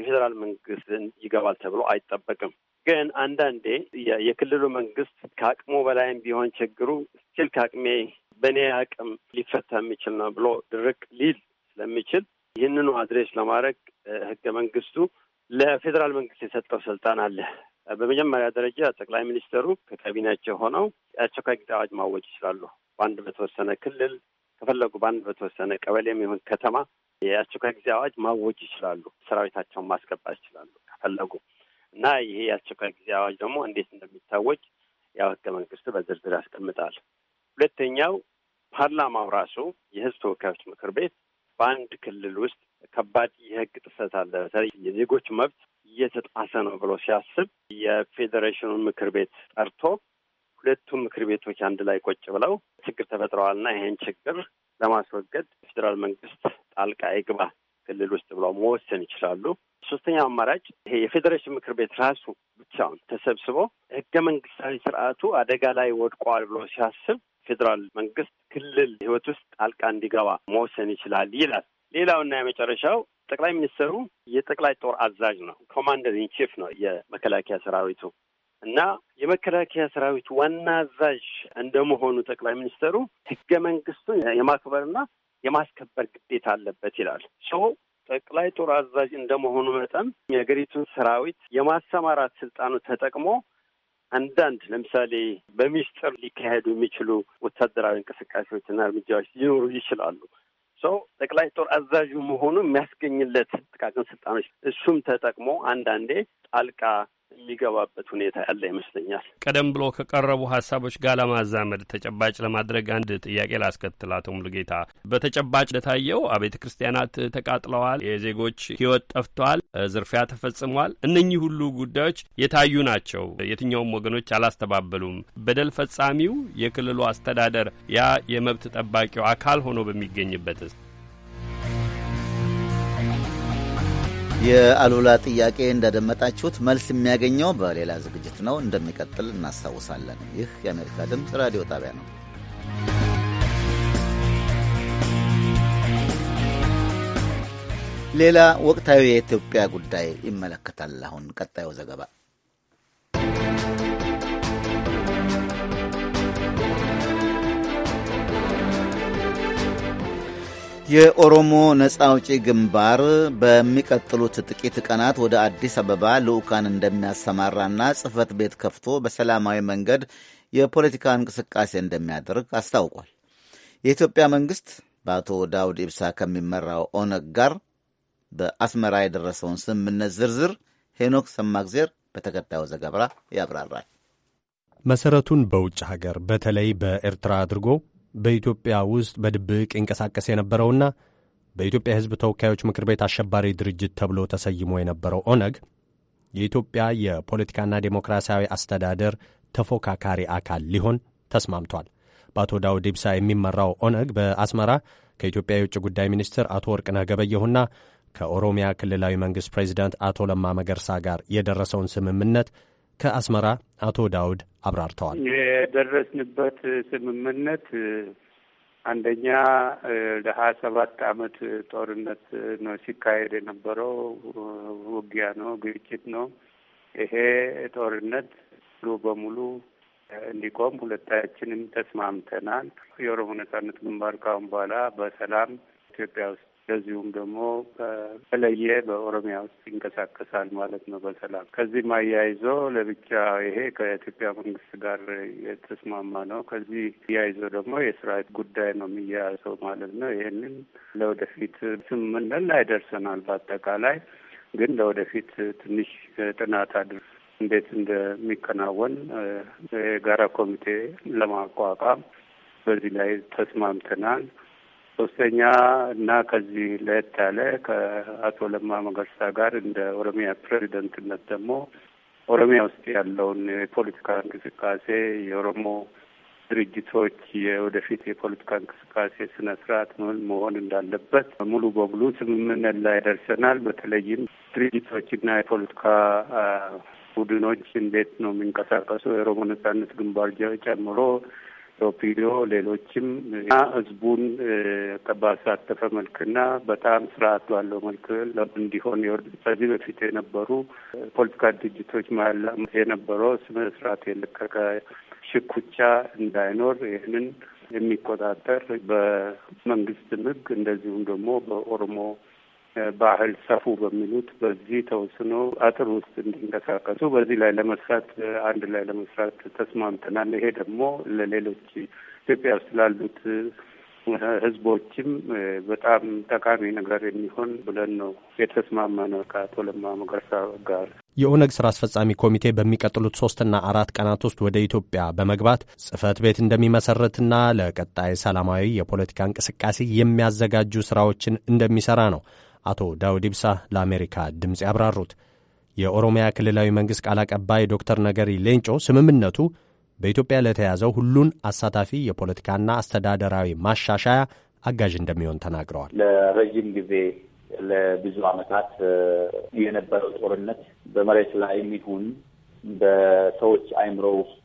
የፌዴራል መንግስት ይገባል ተብሎ አይጠበቅም። ግን አንዳንዴ የክልሉ መንግስት ከአቅሙ በላይም ቢሆን ችግሩ ስቲል ከአቅሜ በእኔ አቅም ሊፈታ የሚችል ነው ብሎ ድርቅ ሊል ስለሚችል ይህንኑ አድሬስ ለማድረግ ህገ መንግስቱ ለፌዴራል መንግስት የሰጠው ስልጣን አለ። በመጀመሪያ ደረጃ ጠቅላይ ሚኒስትሩ ከካቢናቸው ሆነው የአስቸኳይ ጊዜ አዋጅ ማወጅ ይችላሉ። በአንድ በተወሰነ ክልል ከፈለጉ በአንድ በተወሰነ ቀበሌም ይሁን ከተማ የአስቸኳይ ጊዜ አዋጅ ማወጅ ይችላሉ። ሰራዊታቸውን ማስገባት ይችላሉ ከፈለጉ እና ይሄ የአስቸኳይ ጊዜ አዋጅ ደግሞ እንዴት እንደሚታወጅ ያው ህገ መንግስቱ በዝርዝር ያስቀምጣል። ሁለተኛው ፓርላማው ራሱ የህዝብ ተወካዮች ምክር ቤት በአንድ ክልል ውስጥ ከባድ የህግ ጥሰት አለ፣ በተለይ የዜጎች መብት እየተጣሰ ነው ብሎ ሲያስብ የፌዴሬሽኑን ምክር ቤት ጠርቶ ሁለቱም ምክር ቤቶች አንድ ላይ ቆጭ ብለው ችግር ተፈጥረዋል ና ይህን ችግር ለማስወገድ ፌዴራል መንግስት ጣልቃ ይግባ ክልል ውስጥ ብለው መወሰን ይችላሉ። ሶስተኛው አማራጭ ይሄ የፌዴሬሽን ምክር ቤት ራሱ ብቻውን ተሰብስቦ ህገ መንግስታዊ ስርዓቱ አደጋ ላይ ወድቋል ብሎ ሲያስብ ፌዴራል መንግስት ክልል ህይወት ውስጥ ጣልቃ እንዲገባ መወሰን ይችላል ይላል። ሌላውና የመጨረሻው ጠቅላይ ሚኒስትሩ የጠቅላይ ጦር አዛዥ ነው፣ ኮማንደር ኢን ቺፍ ነው የመከላከያ ሰራዊቱ እና የመከላከያ ሰራዊቱ ዋና አዛዥ እንደመሆኑ ጠቅላይ ሚኒስትሩ ህገ መንግስቱን የማክበርና የማስከበር ግዴታ አለበት ይላል። ሰው ጠቅላይ ጦር አዛዥ እንደመሆኑ መጠን የሀገሪቱን ሰራዊት የማሰማራት ስልጣኑ ተጠቅሞ አንዳንድ ለምሳሌ በሚስጥር ሊካሄዱ የሚችሉ ወታደራዊ እንቅስቃሴዎችና እርምጃዎች ሊኖሩ ይችላሉ። ሰው ጠቅላይ ጦር አዛዡ መሆኑ የሚያስገኝለት ጥቃቅን ስልጣኖች እሱም ተጠቅሞ አንዳንዴ ጣልቃ የሚገባበት ሁኔታ ያለ ይመስለኛል። ቀደም ብሎ ከቀረቡ ሀሳቦች ጋር ለማዛመድ ተጨባጭ ለማድረግ አንድ ጥያቄ ላስከትል። አቶ ሙሉጌታ በተጨባጭ ለታየው አቤተ ክርስቲያናት ተቃጥለዋል፣ የዜጎች ህይወት ጠፍቷል፣ ዝርፊያ ተፈጽሟል። እነኚህ ሁሉ ጉዳዮች የታዩ ናቸው። የትኛውም ወገኖች አላስተባበሉም። በደል ፈጻሚው የክልሉ አስተዳደር ያ የመብት ጠባቂው አካል ሆኖ በሚገኝበት የአሉላ ጥያቄ እንዳደመጣችሁት መልስ የሚያገኘው በሌላ ዝግጅት ነው። እንደሚቀጥል እናስታውሳለን። ይህ የአሜሪካ ድምፅ ራዲዮ ጣቢያ ነው። ሌላ ወቅታዊ የኢትዮጵያ ጉዳይ ይመለከታል። አሁን ቀጣዩ ዘገባ የኦሮሞ ነጻ አውጪ ግንባር በሚቀጥሉት ጥቂት ቀናት ወደ አዲስ አበባ ልዑካን እንደሚያሰማራና ጽህፈት ቤት ከፍቶ በሰላማዊ መንገድ የፖለቲካ እንቅስቃሴ እንደሚያደርግ አስታውቋል። የኢትዮጵያ መንግስት በአቶ ዳውድ ኢብሳ ከሚመራው ኦነግ ጋር በአስመራ የደረሰውን ስምምነት ዝርዝር ሄኖክ ሰማግዜር በተከታዩ ዘገባ ያብራራል። መሰረቱን በውጭ ሀገር በተለይ በኤርትራ አድርጎ በኢትዮጵያ ውስጥ በድብቅ ይንቀሳቀስ የነበረውና በኢትዮጵያ ሕዝብ ተወካዮች ምክር ቤት አሸባሪ ድርጅት ተብሎ ተሰይሞ የነበረው ኦነግ የኢትዮጵያ የፖለቲካና ዴሞክራሲያዊ አስተዳደር ተፎካካሪ አካል ሊሆን ተስማምቷል። በአቶ ዳውድ ኢብሳ የሚመራው ኦነግ በአስመራ ከኢትዮጵያ የውጭ ጉዳይ ሚኒስትር አቶ ወርቅነህ ገበየሁና ከኦሮሚያ ክልላዊ መንግሥት ፕሬዚዳንት አቶ ለማ መገርሳ ጋር የደረሰውን ስምምነት ከአስመራ አቶ ዳውድ አብራርተዋል። የደረስንበት ስምምነት አንደኛ ለሀያ ሰባት አመት ጦርነት ነው ሲካሄድ የነበረው ውጊያ ነው፣ ግጭት ነው። ይሄ ጦርነት ሙሉ በሙሉ እንዲቆም ሁለታችንም ተስማምተናል። የኦሮሞ ነጻነት ግንባር ካሁን በኋላ በሰላም ኢትዮጵያ ውስጥ እንደዚሁም ደግሞ በተለየ በኦሮሚያ ውስጥ ይንቀሳቀሳል ማለት ነው በሰላም ከዚህም አያይዞ ለብቻ ይሄ ከኢትዮጵያ መንግስት ጋር የተስማማ ነው። ከዚህ አያይዞ ደግሞ የስራት ጉዳይ ነው የሚያያዘው ማለት ነው። ይህንን ለወደፊት ስምምነት ላይ ደርሰናል። በአጠቃላይ ግን ለወደፊት ትንሽ ጥናት አድር እንዴት እንደሚከናወን የጋራ ኮሚቴ ለማቋቋም በዚህ ላይ ተስማምተናል። ሶስተኛ እና ከዚህ ለየት ያለ ከአቶ ለማ መገርሳ ጋር እንደ ኦሮሚያ ፕሬዚደንትነት ደግሞ ኦሮሚያ ውስጥ ያለውን የፖለቲካ እንቅስቃሴ የኦሮሞ ድርጅቶች የወደፊት የፖለቲካ እንቅስቃሴ ስነ ስርዓት ምን መሆን እንዳለበት ሙሉ በሙሉ ስምምነት ላይ ደርሰናል። በተለይም ድርጅቶችና የፖለቲካ ቡድኖች እንዴት ነው የሚንቀሳቀሱ የኦሮሞ ነጻነት ግንባር ጨምሮ ሎፒዲዮ ሌሎችም እና ህዝቡን ተባሳተፈ መልክና በጣም ስርዓት ባለው መልክ እንዲሆን ከዚህ በፊት የነበሩ ፖለቲካ ድርጅቶች መሀል የነበረው ስነ ስርዓት የለቀቀ ሽኩቻ እንዳይኖር ይህንን የሚቆጣጠር በመንግስትም ህግ እንደዚሁም ደግሞ በኦሮሞ ባህል ሰፉ በሚሉት በዚህ ተወስኖ አጥር ውስጥ እንዲንቀሳቀሱ በዚህ ላይ ለመስራት አንድ ላይ ለመስራት ተስማምተናል። ይሄ ደግሞ ለሌሎች ኢትዮጵያ ውስጥ ላሉት ህዝቦችም በጣም ጠቃሚ ነገር የሚሆን ብለን ነው የተስማማነው ከአቶ ለማ መገርሳ ጋር። የኦነግ ስራ አስፈጻሚ ኮሚቴ በሚቀጥሉት ሶስትና አራት ቀናት ውስጥ ወደ ኢትዮጵያ በመግባት ጽህፈት ቤት እንደሚመሰርትና ለቀጣይ ሰላማዊ የፖለቲካ እንቅስቃሴ የሚያዘጋጁ ስራዎችን እንደሚሰራ ነው አቶ ዳውድ ኢብሳ ለአሜሪካ ድምፅ ያብራሩት። የኦሮሚያ ክልላዊ መንግሥት ቃል አቀባይ ዶክተር ነገሪ ሌንጮ ስምምነቱ በኢትዮጵያ ለተያዘው ሁሉን አሳታፊ የፖለቲካና አስተዳደራዊ ማሻሻያ አጋዥ እንደሚሆን ተናግረዋል። ለረዥም ጊዜ ለብዙ ዓመታት የነበረው ጦርነት በመሬት ላይ የሚሆን በሰዎች አይምሮ ውስጥ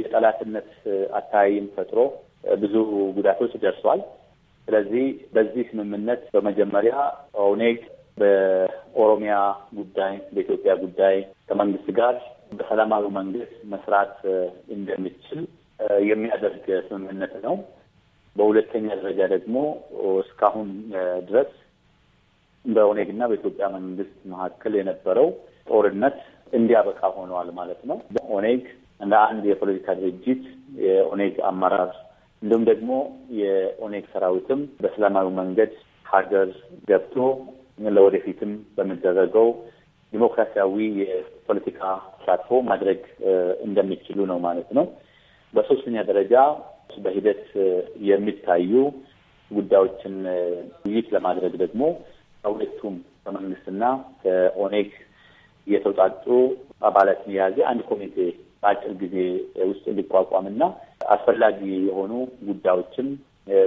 የጠላትነት አታይም ፈጥሮ ብዙ ጉዳቶች ደርሷል። ስለዚህ በዚህ ስምምነት በመጀመሪያ ኦኔግ በኦሮሚያ ጉዳይ በኢትዮጵያ ጉዳይ ከመንግስት ጋር በሰላማዊ መንግስት መስራት እንደሚችል የሚያደርግ ስምምነት ነው። በሁለተኛ ደረጃ ደግሞ እስካሁን ድረስ በኦኔግና በኢትዮጵያ መንግስት መካከል የነበረው ጦርነት እንዲያበቃ ሆነዋል ማለት ነው። ኦኔግ እንደ አንድ የፖለቲካ ድርጅት የኦኔግ አመራር እንዲሁም ደግሞ የኦኔግ ሰራዊትም በሰላማዊ መንገድ ሀገር ገብቶ ለወደፊትም በሚደረገው ዲሞክራሲያዊ የፖለቲካ ተሳትፎ ማድረግ እንደሚችሉ ነው ማለት ነው። በሶስተኛ ደረጃ በሂደት የሚታዩ ጉዳዮችን ውይይት ለማድረግ ደግሞ ከሁለቱም ከመንግስትና ከኦኔግ የተውጣጡ አባላትን የያዘ አንድ ኮሚቴ በአጭር ጊዜ ውስጥ እንዲቋቋምና አስፈላጊ የሆኑ ጉዳዮችን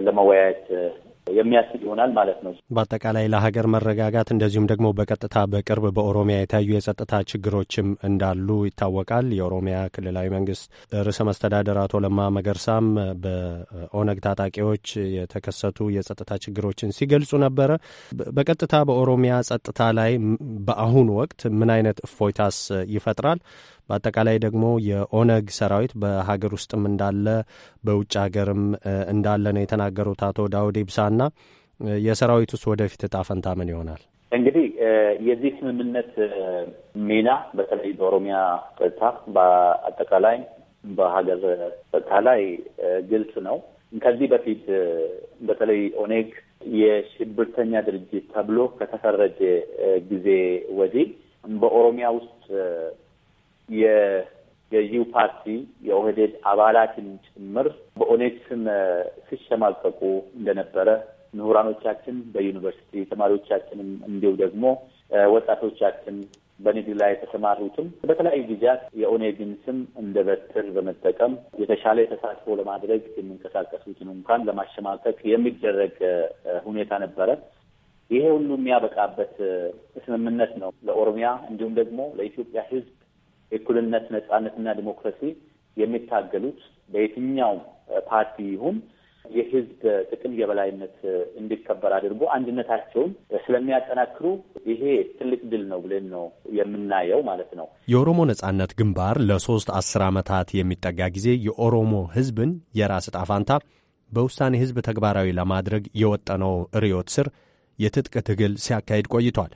ለመወያየት የሚያስችል ይሆናል ማለት ነው። በአጠቃላይ ለሀገር መረጋጋት እንደዚሁም ደግሞ በቀጥታ በቅርብ በኦሮሚያ የታዩ የጸጥታ ችግሮችም እንዳሉ ይታወቃል። የኦሮሚያ ክልላዊ መንግስት ርዕሰ መስተዳደር አቶ ለማ መገርሳም በኦነግ ታጣቂዎች የተከሰቱ የጸጥታ ችግሮችን ሲገልጹ ነበረ። በቀጥታ በኦሮሚያ ጸጥታ ላይ በአሁኑ ወቅት ምን አይነት እፎይታስ ይፈጥራል? በአጠቃላይ ደግሞ የኦነግ ሰራዊት በሀገር ውስጥም እንዳለ በውጭ ሀገርም እንዳለ ነው የተናገሩት አቶ ዳውድ እና የሰራዊት ውስጥ ወደፊት እጣ ፈንታ ምን ይሆናል? እንግዲህ የዚህ ስምምነት ሚና በተለይ በኦሮሚያ ጸጥታ፣ በአጠቃላይ በሀገር ጸጥታ ላይ ግልጽ ነው። ከዚህ በፊት በተለይ ኦኔግ የሽብርተኛ ድርጅት ተብሎ ከተፈረጀ ጊዜ ወዲህ በኦሮሚያ ውስጥ የገዢው ፓርቲ የኦህዴድ አባላትን ጭምር በኦኔግ ስም ሲሸማቀቁ እንደነበረ ምሁራኖቻችን በዩኒቨርሲቲ ተማሪዎቻችንም እንዲሁ ደግሞ ወጣቶቻችን በንግድ ላይ የተሰማሩትም በተለያዩ ጊዜያት የኦኔግን ስም እንደ በትር በመጠቀም የተሻለ ተሳትፎ ለማድረግ የሚንቀሳቀሱትን እንኳን ለማሸማቀቅ የሚደረግ ሁኔታ ነበረ። ይሄ ሁሉ የሚያበቃበት ስምምነት ነው ለኦሮሚያ እንዲሁም ደግሞ ለኢትዮጵያ ሕዝብ እኩልነት፣ ነጻነትና ዲሞክራሲ የሚታገሉት በየትኛውም ፓርቲ ይሁን የህዝብ ጥቅም የበላይነት እንዲከበር አድርጎ አንድነታቸውን ስለሚያጠናክሩ ይሄ ትልቅ ድል ነው ብለን ነው የምናየው ማለት ነው። የኦሮሞ ነጻነት ግንባር ለሶስት አስር ዓመታት የሚጠጋ ጊዜ የኦሮሞ ህዝብን የራስ ጣፋንታ በውሳኔ ህዝብ ተግባራዊ ለማድረግ የወጠነው ርዕዮት ስር የትጥቅ ትግል ሲያካሂድ ቆይቷል።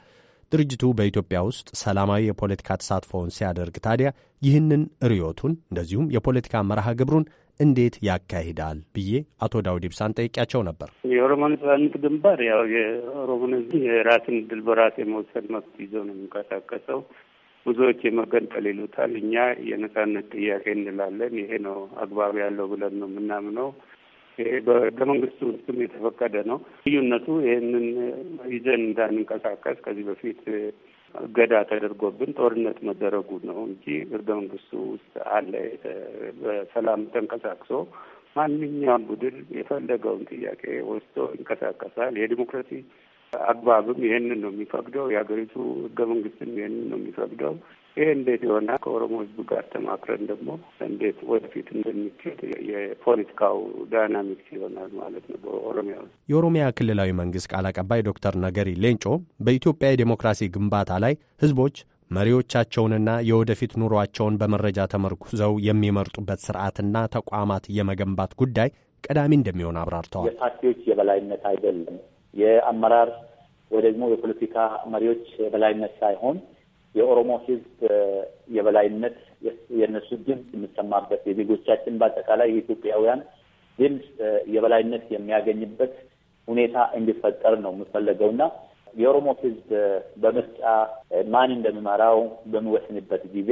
ድርጅቱ በኢትዮጵያ ውስጥ ሰላማዊ የፖለቲካ ተሳትፎውን ሲያደርግ ታዲያ ይህንን ርዕዮቱን እንደዚሁም የፖለቲካ መርሃ ግብሩን እንዴት ያካሂዳል ብዬ አቶ ዳውድ ኢብሳን ጠይቄያቸው ነበር። የኦሮሞ ነጻነት ግንባር ያው የኦሮሞ የራስን ድል በራስ የመውሰድ መብት ይዞ ነው የሚንቀሳቀሰው። ብዙዎች የመገንጠል ይሉታል። እኛ የነጻነት ጥያቄ እንላለን። ይሄ ነው አግባብ ያለው ብለን ነው የምናምነው። ይሄ በህገ መንግስቱ ውስጥም የተፈቀደ ነው። ልዩነቱ ይህንን ይዘን እንዳንንቀሳቀስ ከዚህ በፊት እገዳ ተደርጎብን ጦርነት መደረጉ ነው እንጂ ህገ መንግስቱ ውስጥ አለ። በሰላም ተንቀሳቅሶ ማንኛውም ቡድን የፈለገውን ጥያቄ ወስዶ ይንቀሳቀሳል። የዲሞክራሲ አግባብም ይህንን ነው የሚፈቅደው። የሀገሪቱ ህገ መንግስትም ይህንን ነው የሚፈቅደው። ይህ እንዴት የሆነ ከኦሮሞ ህዝብ ጋር ተማክረን ደግሞ እንዴት ወደፊት እንደሚችል የፖለቲካው ዳይናሚክስ ይሆናል ማለት ነው። በኦሮሚያ ውስጥ የኦሮሚያ ክልላዊ መንግስት ቃል አቀባይ ዶክተር ነገሪ ሌንጮ በኢትዮጵያ የዴሞክራሲ ግንባታ ላይ ህዝቦች መሪዎቻቸውንና የወደፊት ኑሯቸውን በመረጃ ተመርኩዘው የሚመርጡበት ስርዓትና ተቋማት የመገንባት ጉዳይ ቀዳሚ እንደሚሆን አብራርተዋል። የፓርቲዎች የበላይነት አይደለም የአመራር ወይ ደግሞ የፖለቲካ መሪዎች የበላይነት ሳይሆን የኦሮሞ ህዝብ የበላይነት የእነሱ ድምፅ የሚሰማበት የዜጎቻችን በአጠቃላይ የኢትዮጵያውያን ድምፅ የበላይነት የሚያገኝበት ሁኔታ እንዲፈጠር ነው የምፈለገውና የኦሮሞ ህዝብ በምርጫ ማን እንደሚመራው በሚወስንበት ጊዜ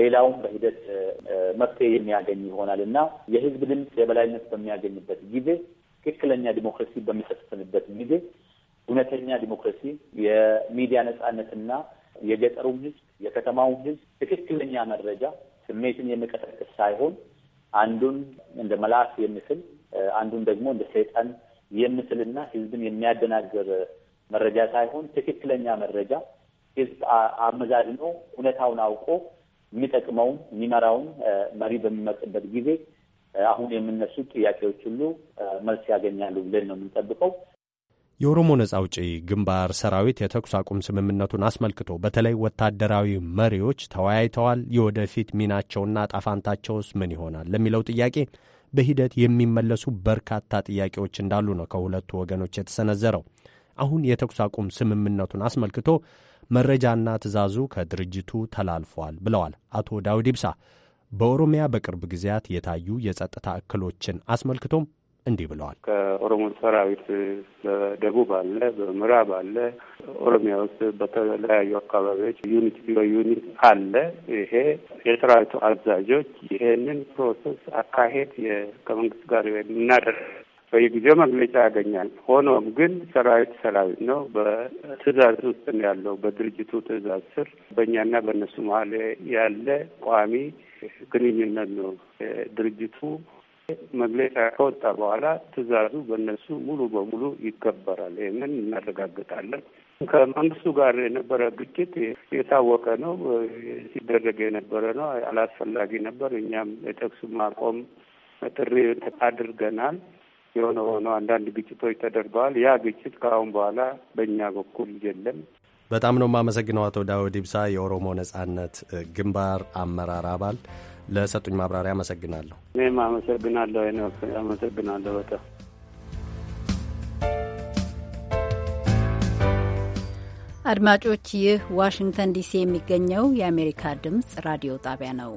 ሌላውም በሂደት መፍትሄ የሚያገኝ ይሆናል እና የህዝብ ድምፅ የበላይነት በሚያገኝበት ጊዜ ትክክለኛ ዲሞክራሲ በሚፈጽምበት ጊዜ እውነተኛ ዲሞክራሲ የሚዲያ ነጻነትና የገጠሩም ህዝብ የከተማውም ህዝብ ትክክለኛ መረጃ ስሜትን የሚቀሰቅስ ሳይሆን አንዱን እንደ መልአክ የምስል አንዱን ደግሞ እንደ ሰይጣን የምስልና ህዝብን የሚያደናግር መረጃ ሳይሆን ትክክለኛ መረጃ ህዝብ አመዛዝኖ እውነታውን አውቆ የሚጠቅመውን የሚመራውን መሪ በሚመርጥበት ጊዜ አሁን የምነሱ ጥያቄዎች ሁሉ መልስ ያገኛሉ ብለን ነው የምንጠብቀው። የኦሮሞ ነጻ አውጪ ግንባር ሰራዊት የተኩስ አቁም ስምምነቱን አስመልክቶ በተለይ ወታደራዊ መሪዎች ተወያይተዋል። የወደፊት ሚናቸውና ጣፋንታቸውስ ምን ይሆናል ለሚለው ጥያቄ በሂደት የሚመለሱ በርካታ ጥያቄዎች እንዳሉ ነው ከሁለቱ ወገኖች የተሰነዘረው። አሁን የተኩስ አቁም ስምምነቱን አስመልክቶ መረጃና ትዕዛዙ ከድርጅቱ ተላልፏል ብለዋል አቶ ዳዊድ ይብሳ። በኦሮሚያ በቅርብ ጊዜያት የታዩ የጸጥታ እክሎችን አስመልክቶም እንዲህ ብለዋል። ከኦሮሞ ሰራዊት በደቡብ አለ፣ በምዕራብ አለ፣ ኦሮሚያ ውስጥ በተለያዩ አካባቢዎች ዩኒት ዩኒት አለ። ይሄ የሰራዊቱ አዛዦች ይሄንን ፕሮሰስ አካሄድ ከመንግስት ጋር እናደርግ በየጊዜው መግለጫ ያገኛል። ሆኖም ግን ሰራዊት ሰራዊት ነው። በትእዛዝ ውስጥ ያለው፣ በድርጅቱ ትእዛዝ ስር በእኛና በእነሱ መሀል ያለ ቋሚ ግንኙነት ነው። ድርጅቱ መግለጫ ከወጣ በኋላ ትዕዛዙ በእነሱ ሙሉ በሙሉ ይከበራል። ይህንን እናረጋግጣለን። ከመንግስቱ ጋር የነበረ ግጭት የታወቀ ነው፣ ሲደረግ የነበረ ነው። አላስፈላጊ ነበር። እኛም የተኩስ ማቆም ጥሪ አድርገናል። የሆነ ሆኖ አንዳንድ ግጭቶች ተደርገዋል። ያ ግጭት ከአሁን በኋላ በእኛ በኩል የለም። በጣም ነው የማመሰግነው አቶ ዳውድ ኢብሳ የኦሮሞ ነጻነት ግንባር አመራር አባል ለሰጡኝ ማብራሪያ አመሰግናለሁ። እኔም አመሰግናለሁ። አመሰግናለሁ በጣም አድማጮች። ይህ ዋሽንግተን ዲሲ የሚገኘው የአሜሪካ ድምፅ ራዲዮ ጣቢያ ነው።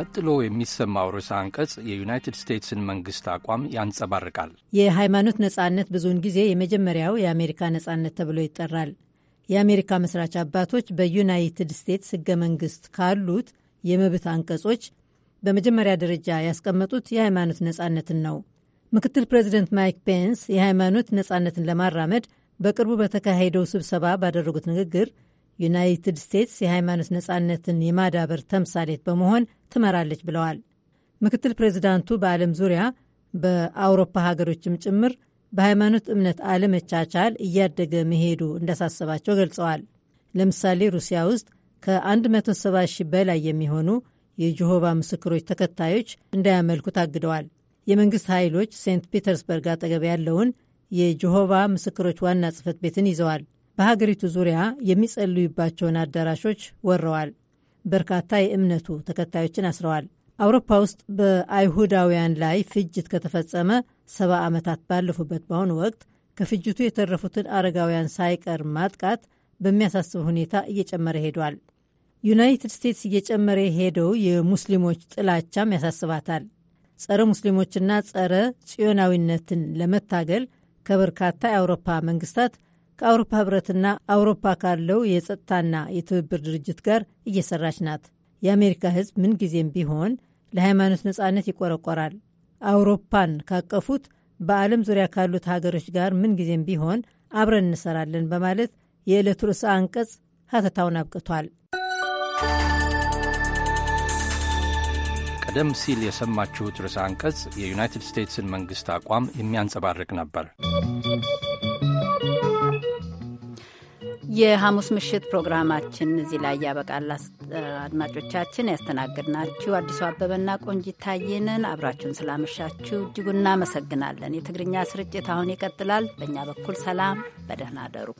ቀጥሎ የሚሰማው ርዕሰ አንቀጽ የዩናይትድ ስቴትስን መንግስት አቋም ያንጸባርቃል። የሃይማኖት ነጻነት ብዙውን ጊዜ የመጀመሪያው የአሜሪካ ነጻነት ተብሎ ይጠራል። የአሜሪካ መስራች አባቶች በዩናይትድ ስቴትስ ህገ መንግስት ካሉት የመብት አንቀጾች በመጀመሪያ ደረጃ ያስቀመጡት የሃይማኖት ነጻነትን ነው። ምክትል ፕሬዚደንት ማይክ ፔንስ የሃይማኖት ነጻነትን ለማራመድ በቅርቡ በተካሄደው ስብሰባ ባደረጉት ንግግር ዩናይትድ ስቴትስ የሃይማኖት ነጻነትን የማዳበር ተምሳሌት በመሆን ትመራለች ብለዋል። ምክትል ፕሬዚዳንቱ በዓለም ዙሪያ በአውሮፓ ሀገሮችም ጭምር በሃይማኖት እምነት አለመቻቻል እያደገ መሄዱ እንዳሳሰባቸው ገልጸዋል። ለምሳሌ ሩሲያ ውስጥ ከ170 ሺህ በላይ የሚሆኑ የጀሆቫ ምስክሮች ተከታዮች እንዳያመልኩ ታግደዋል። የመንግሥት ኃይሎች ሴንት ፒተርስበርግ አጠገብ ያለውን የጀሆቫ ምስክሮች ዋና ጽሕፈት ቤትን ይዘዋል። በሀገሪቱ ዙሪያ የሚጸልዩባቸውን አዳራሾች ወረዋል። በርካታ የእምነቱ ተከታዮችን አስረዋል። አውሮፓ ውስጥ በአይሁዳውያን ላይ ፍጅት ከተፈጸመ ሰባ ዓመታት ባለፉበት በአሁኑ ወቅት ከፍጅቱ የተረፉትን አረጋውያን ሳይቀር ማጥቃት በሚያሳስብ ሁኔታ እየጨመረ ሄዷል። ዩናይትድ ስቴትስ እየጨመረ ሄደው የሙስሊሞች ጥላቻም ያሳስባታል። ጸረ ሙስሊሞችና ጸረ ጽዮናዊነትን ለመታገል ከበርካታ የአውሮፓ መንግስታት ከአውሮፓ ህብረትና አውሮፓ ካለው የጸጥታና የትብብር ድርጅት ጋር እየሰራች ናት። የአሜሪካ ህዝብ ምንጊዜም ቢሆን ለሃይማኖት ነጻነት ይቆረቆራል። አውሮፓን ካቀፉት በዓለም ዙሪያ ካሉት ሀገሮች ጋር ምንጊዜም ቢሆን አብረን እንሰራለን በማለት የዕለቱ ርዕሰ አንቀጽ ሀተታውን አብቅቷል። ቀደም ሲል የሰማችሁት ርዕሰ አንቀጽ የዩናይትድ ስቴትስን መንግሥት አቋም የሚያንጸባርቅ ነበር። የሐሙስ ምሽት ፕሮግራማችን እዚህ ላይ ያበቃል። አድማጮቻችን ያስተናግድናችሁ አዲሱ አበበና ቆንጂት ታየንን አብራችሁን ስላመሻችሁ እጅጉ እናመሰግናለን። የትግርኛ ስርጭት አሁን ይቀጥላል። በእኛ በኩል ሰላም፣ በደህና አደሩ።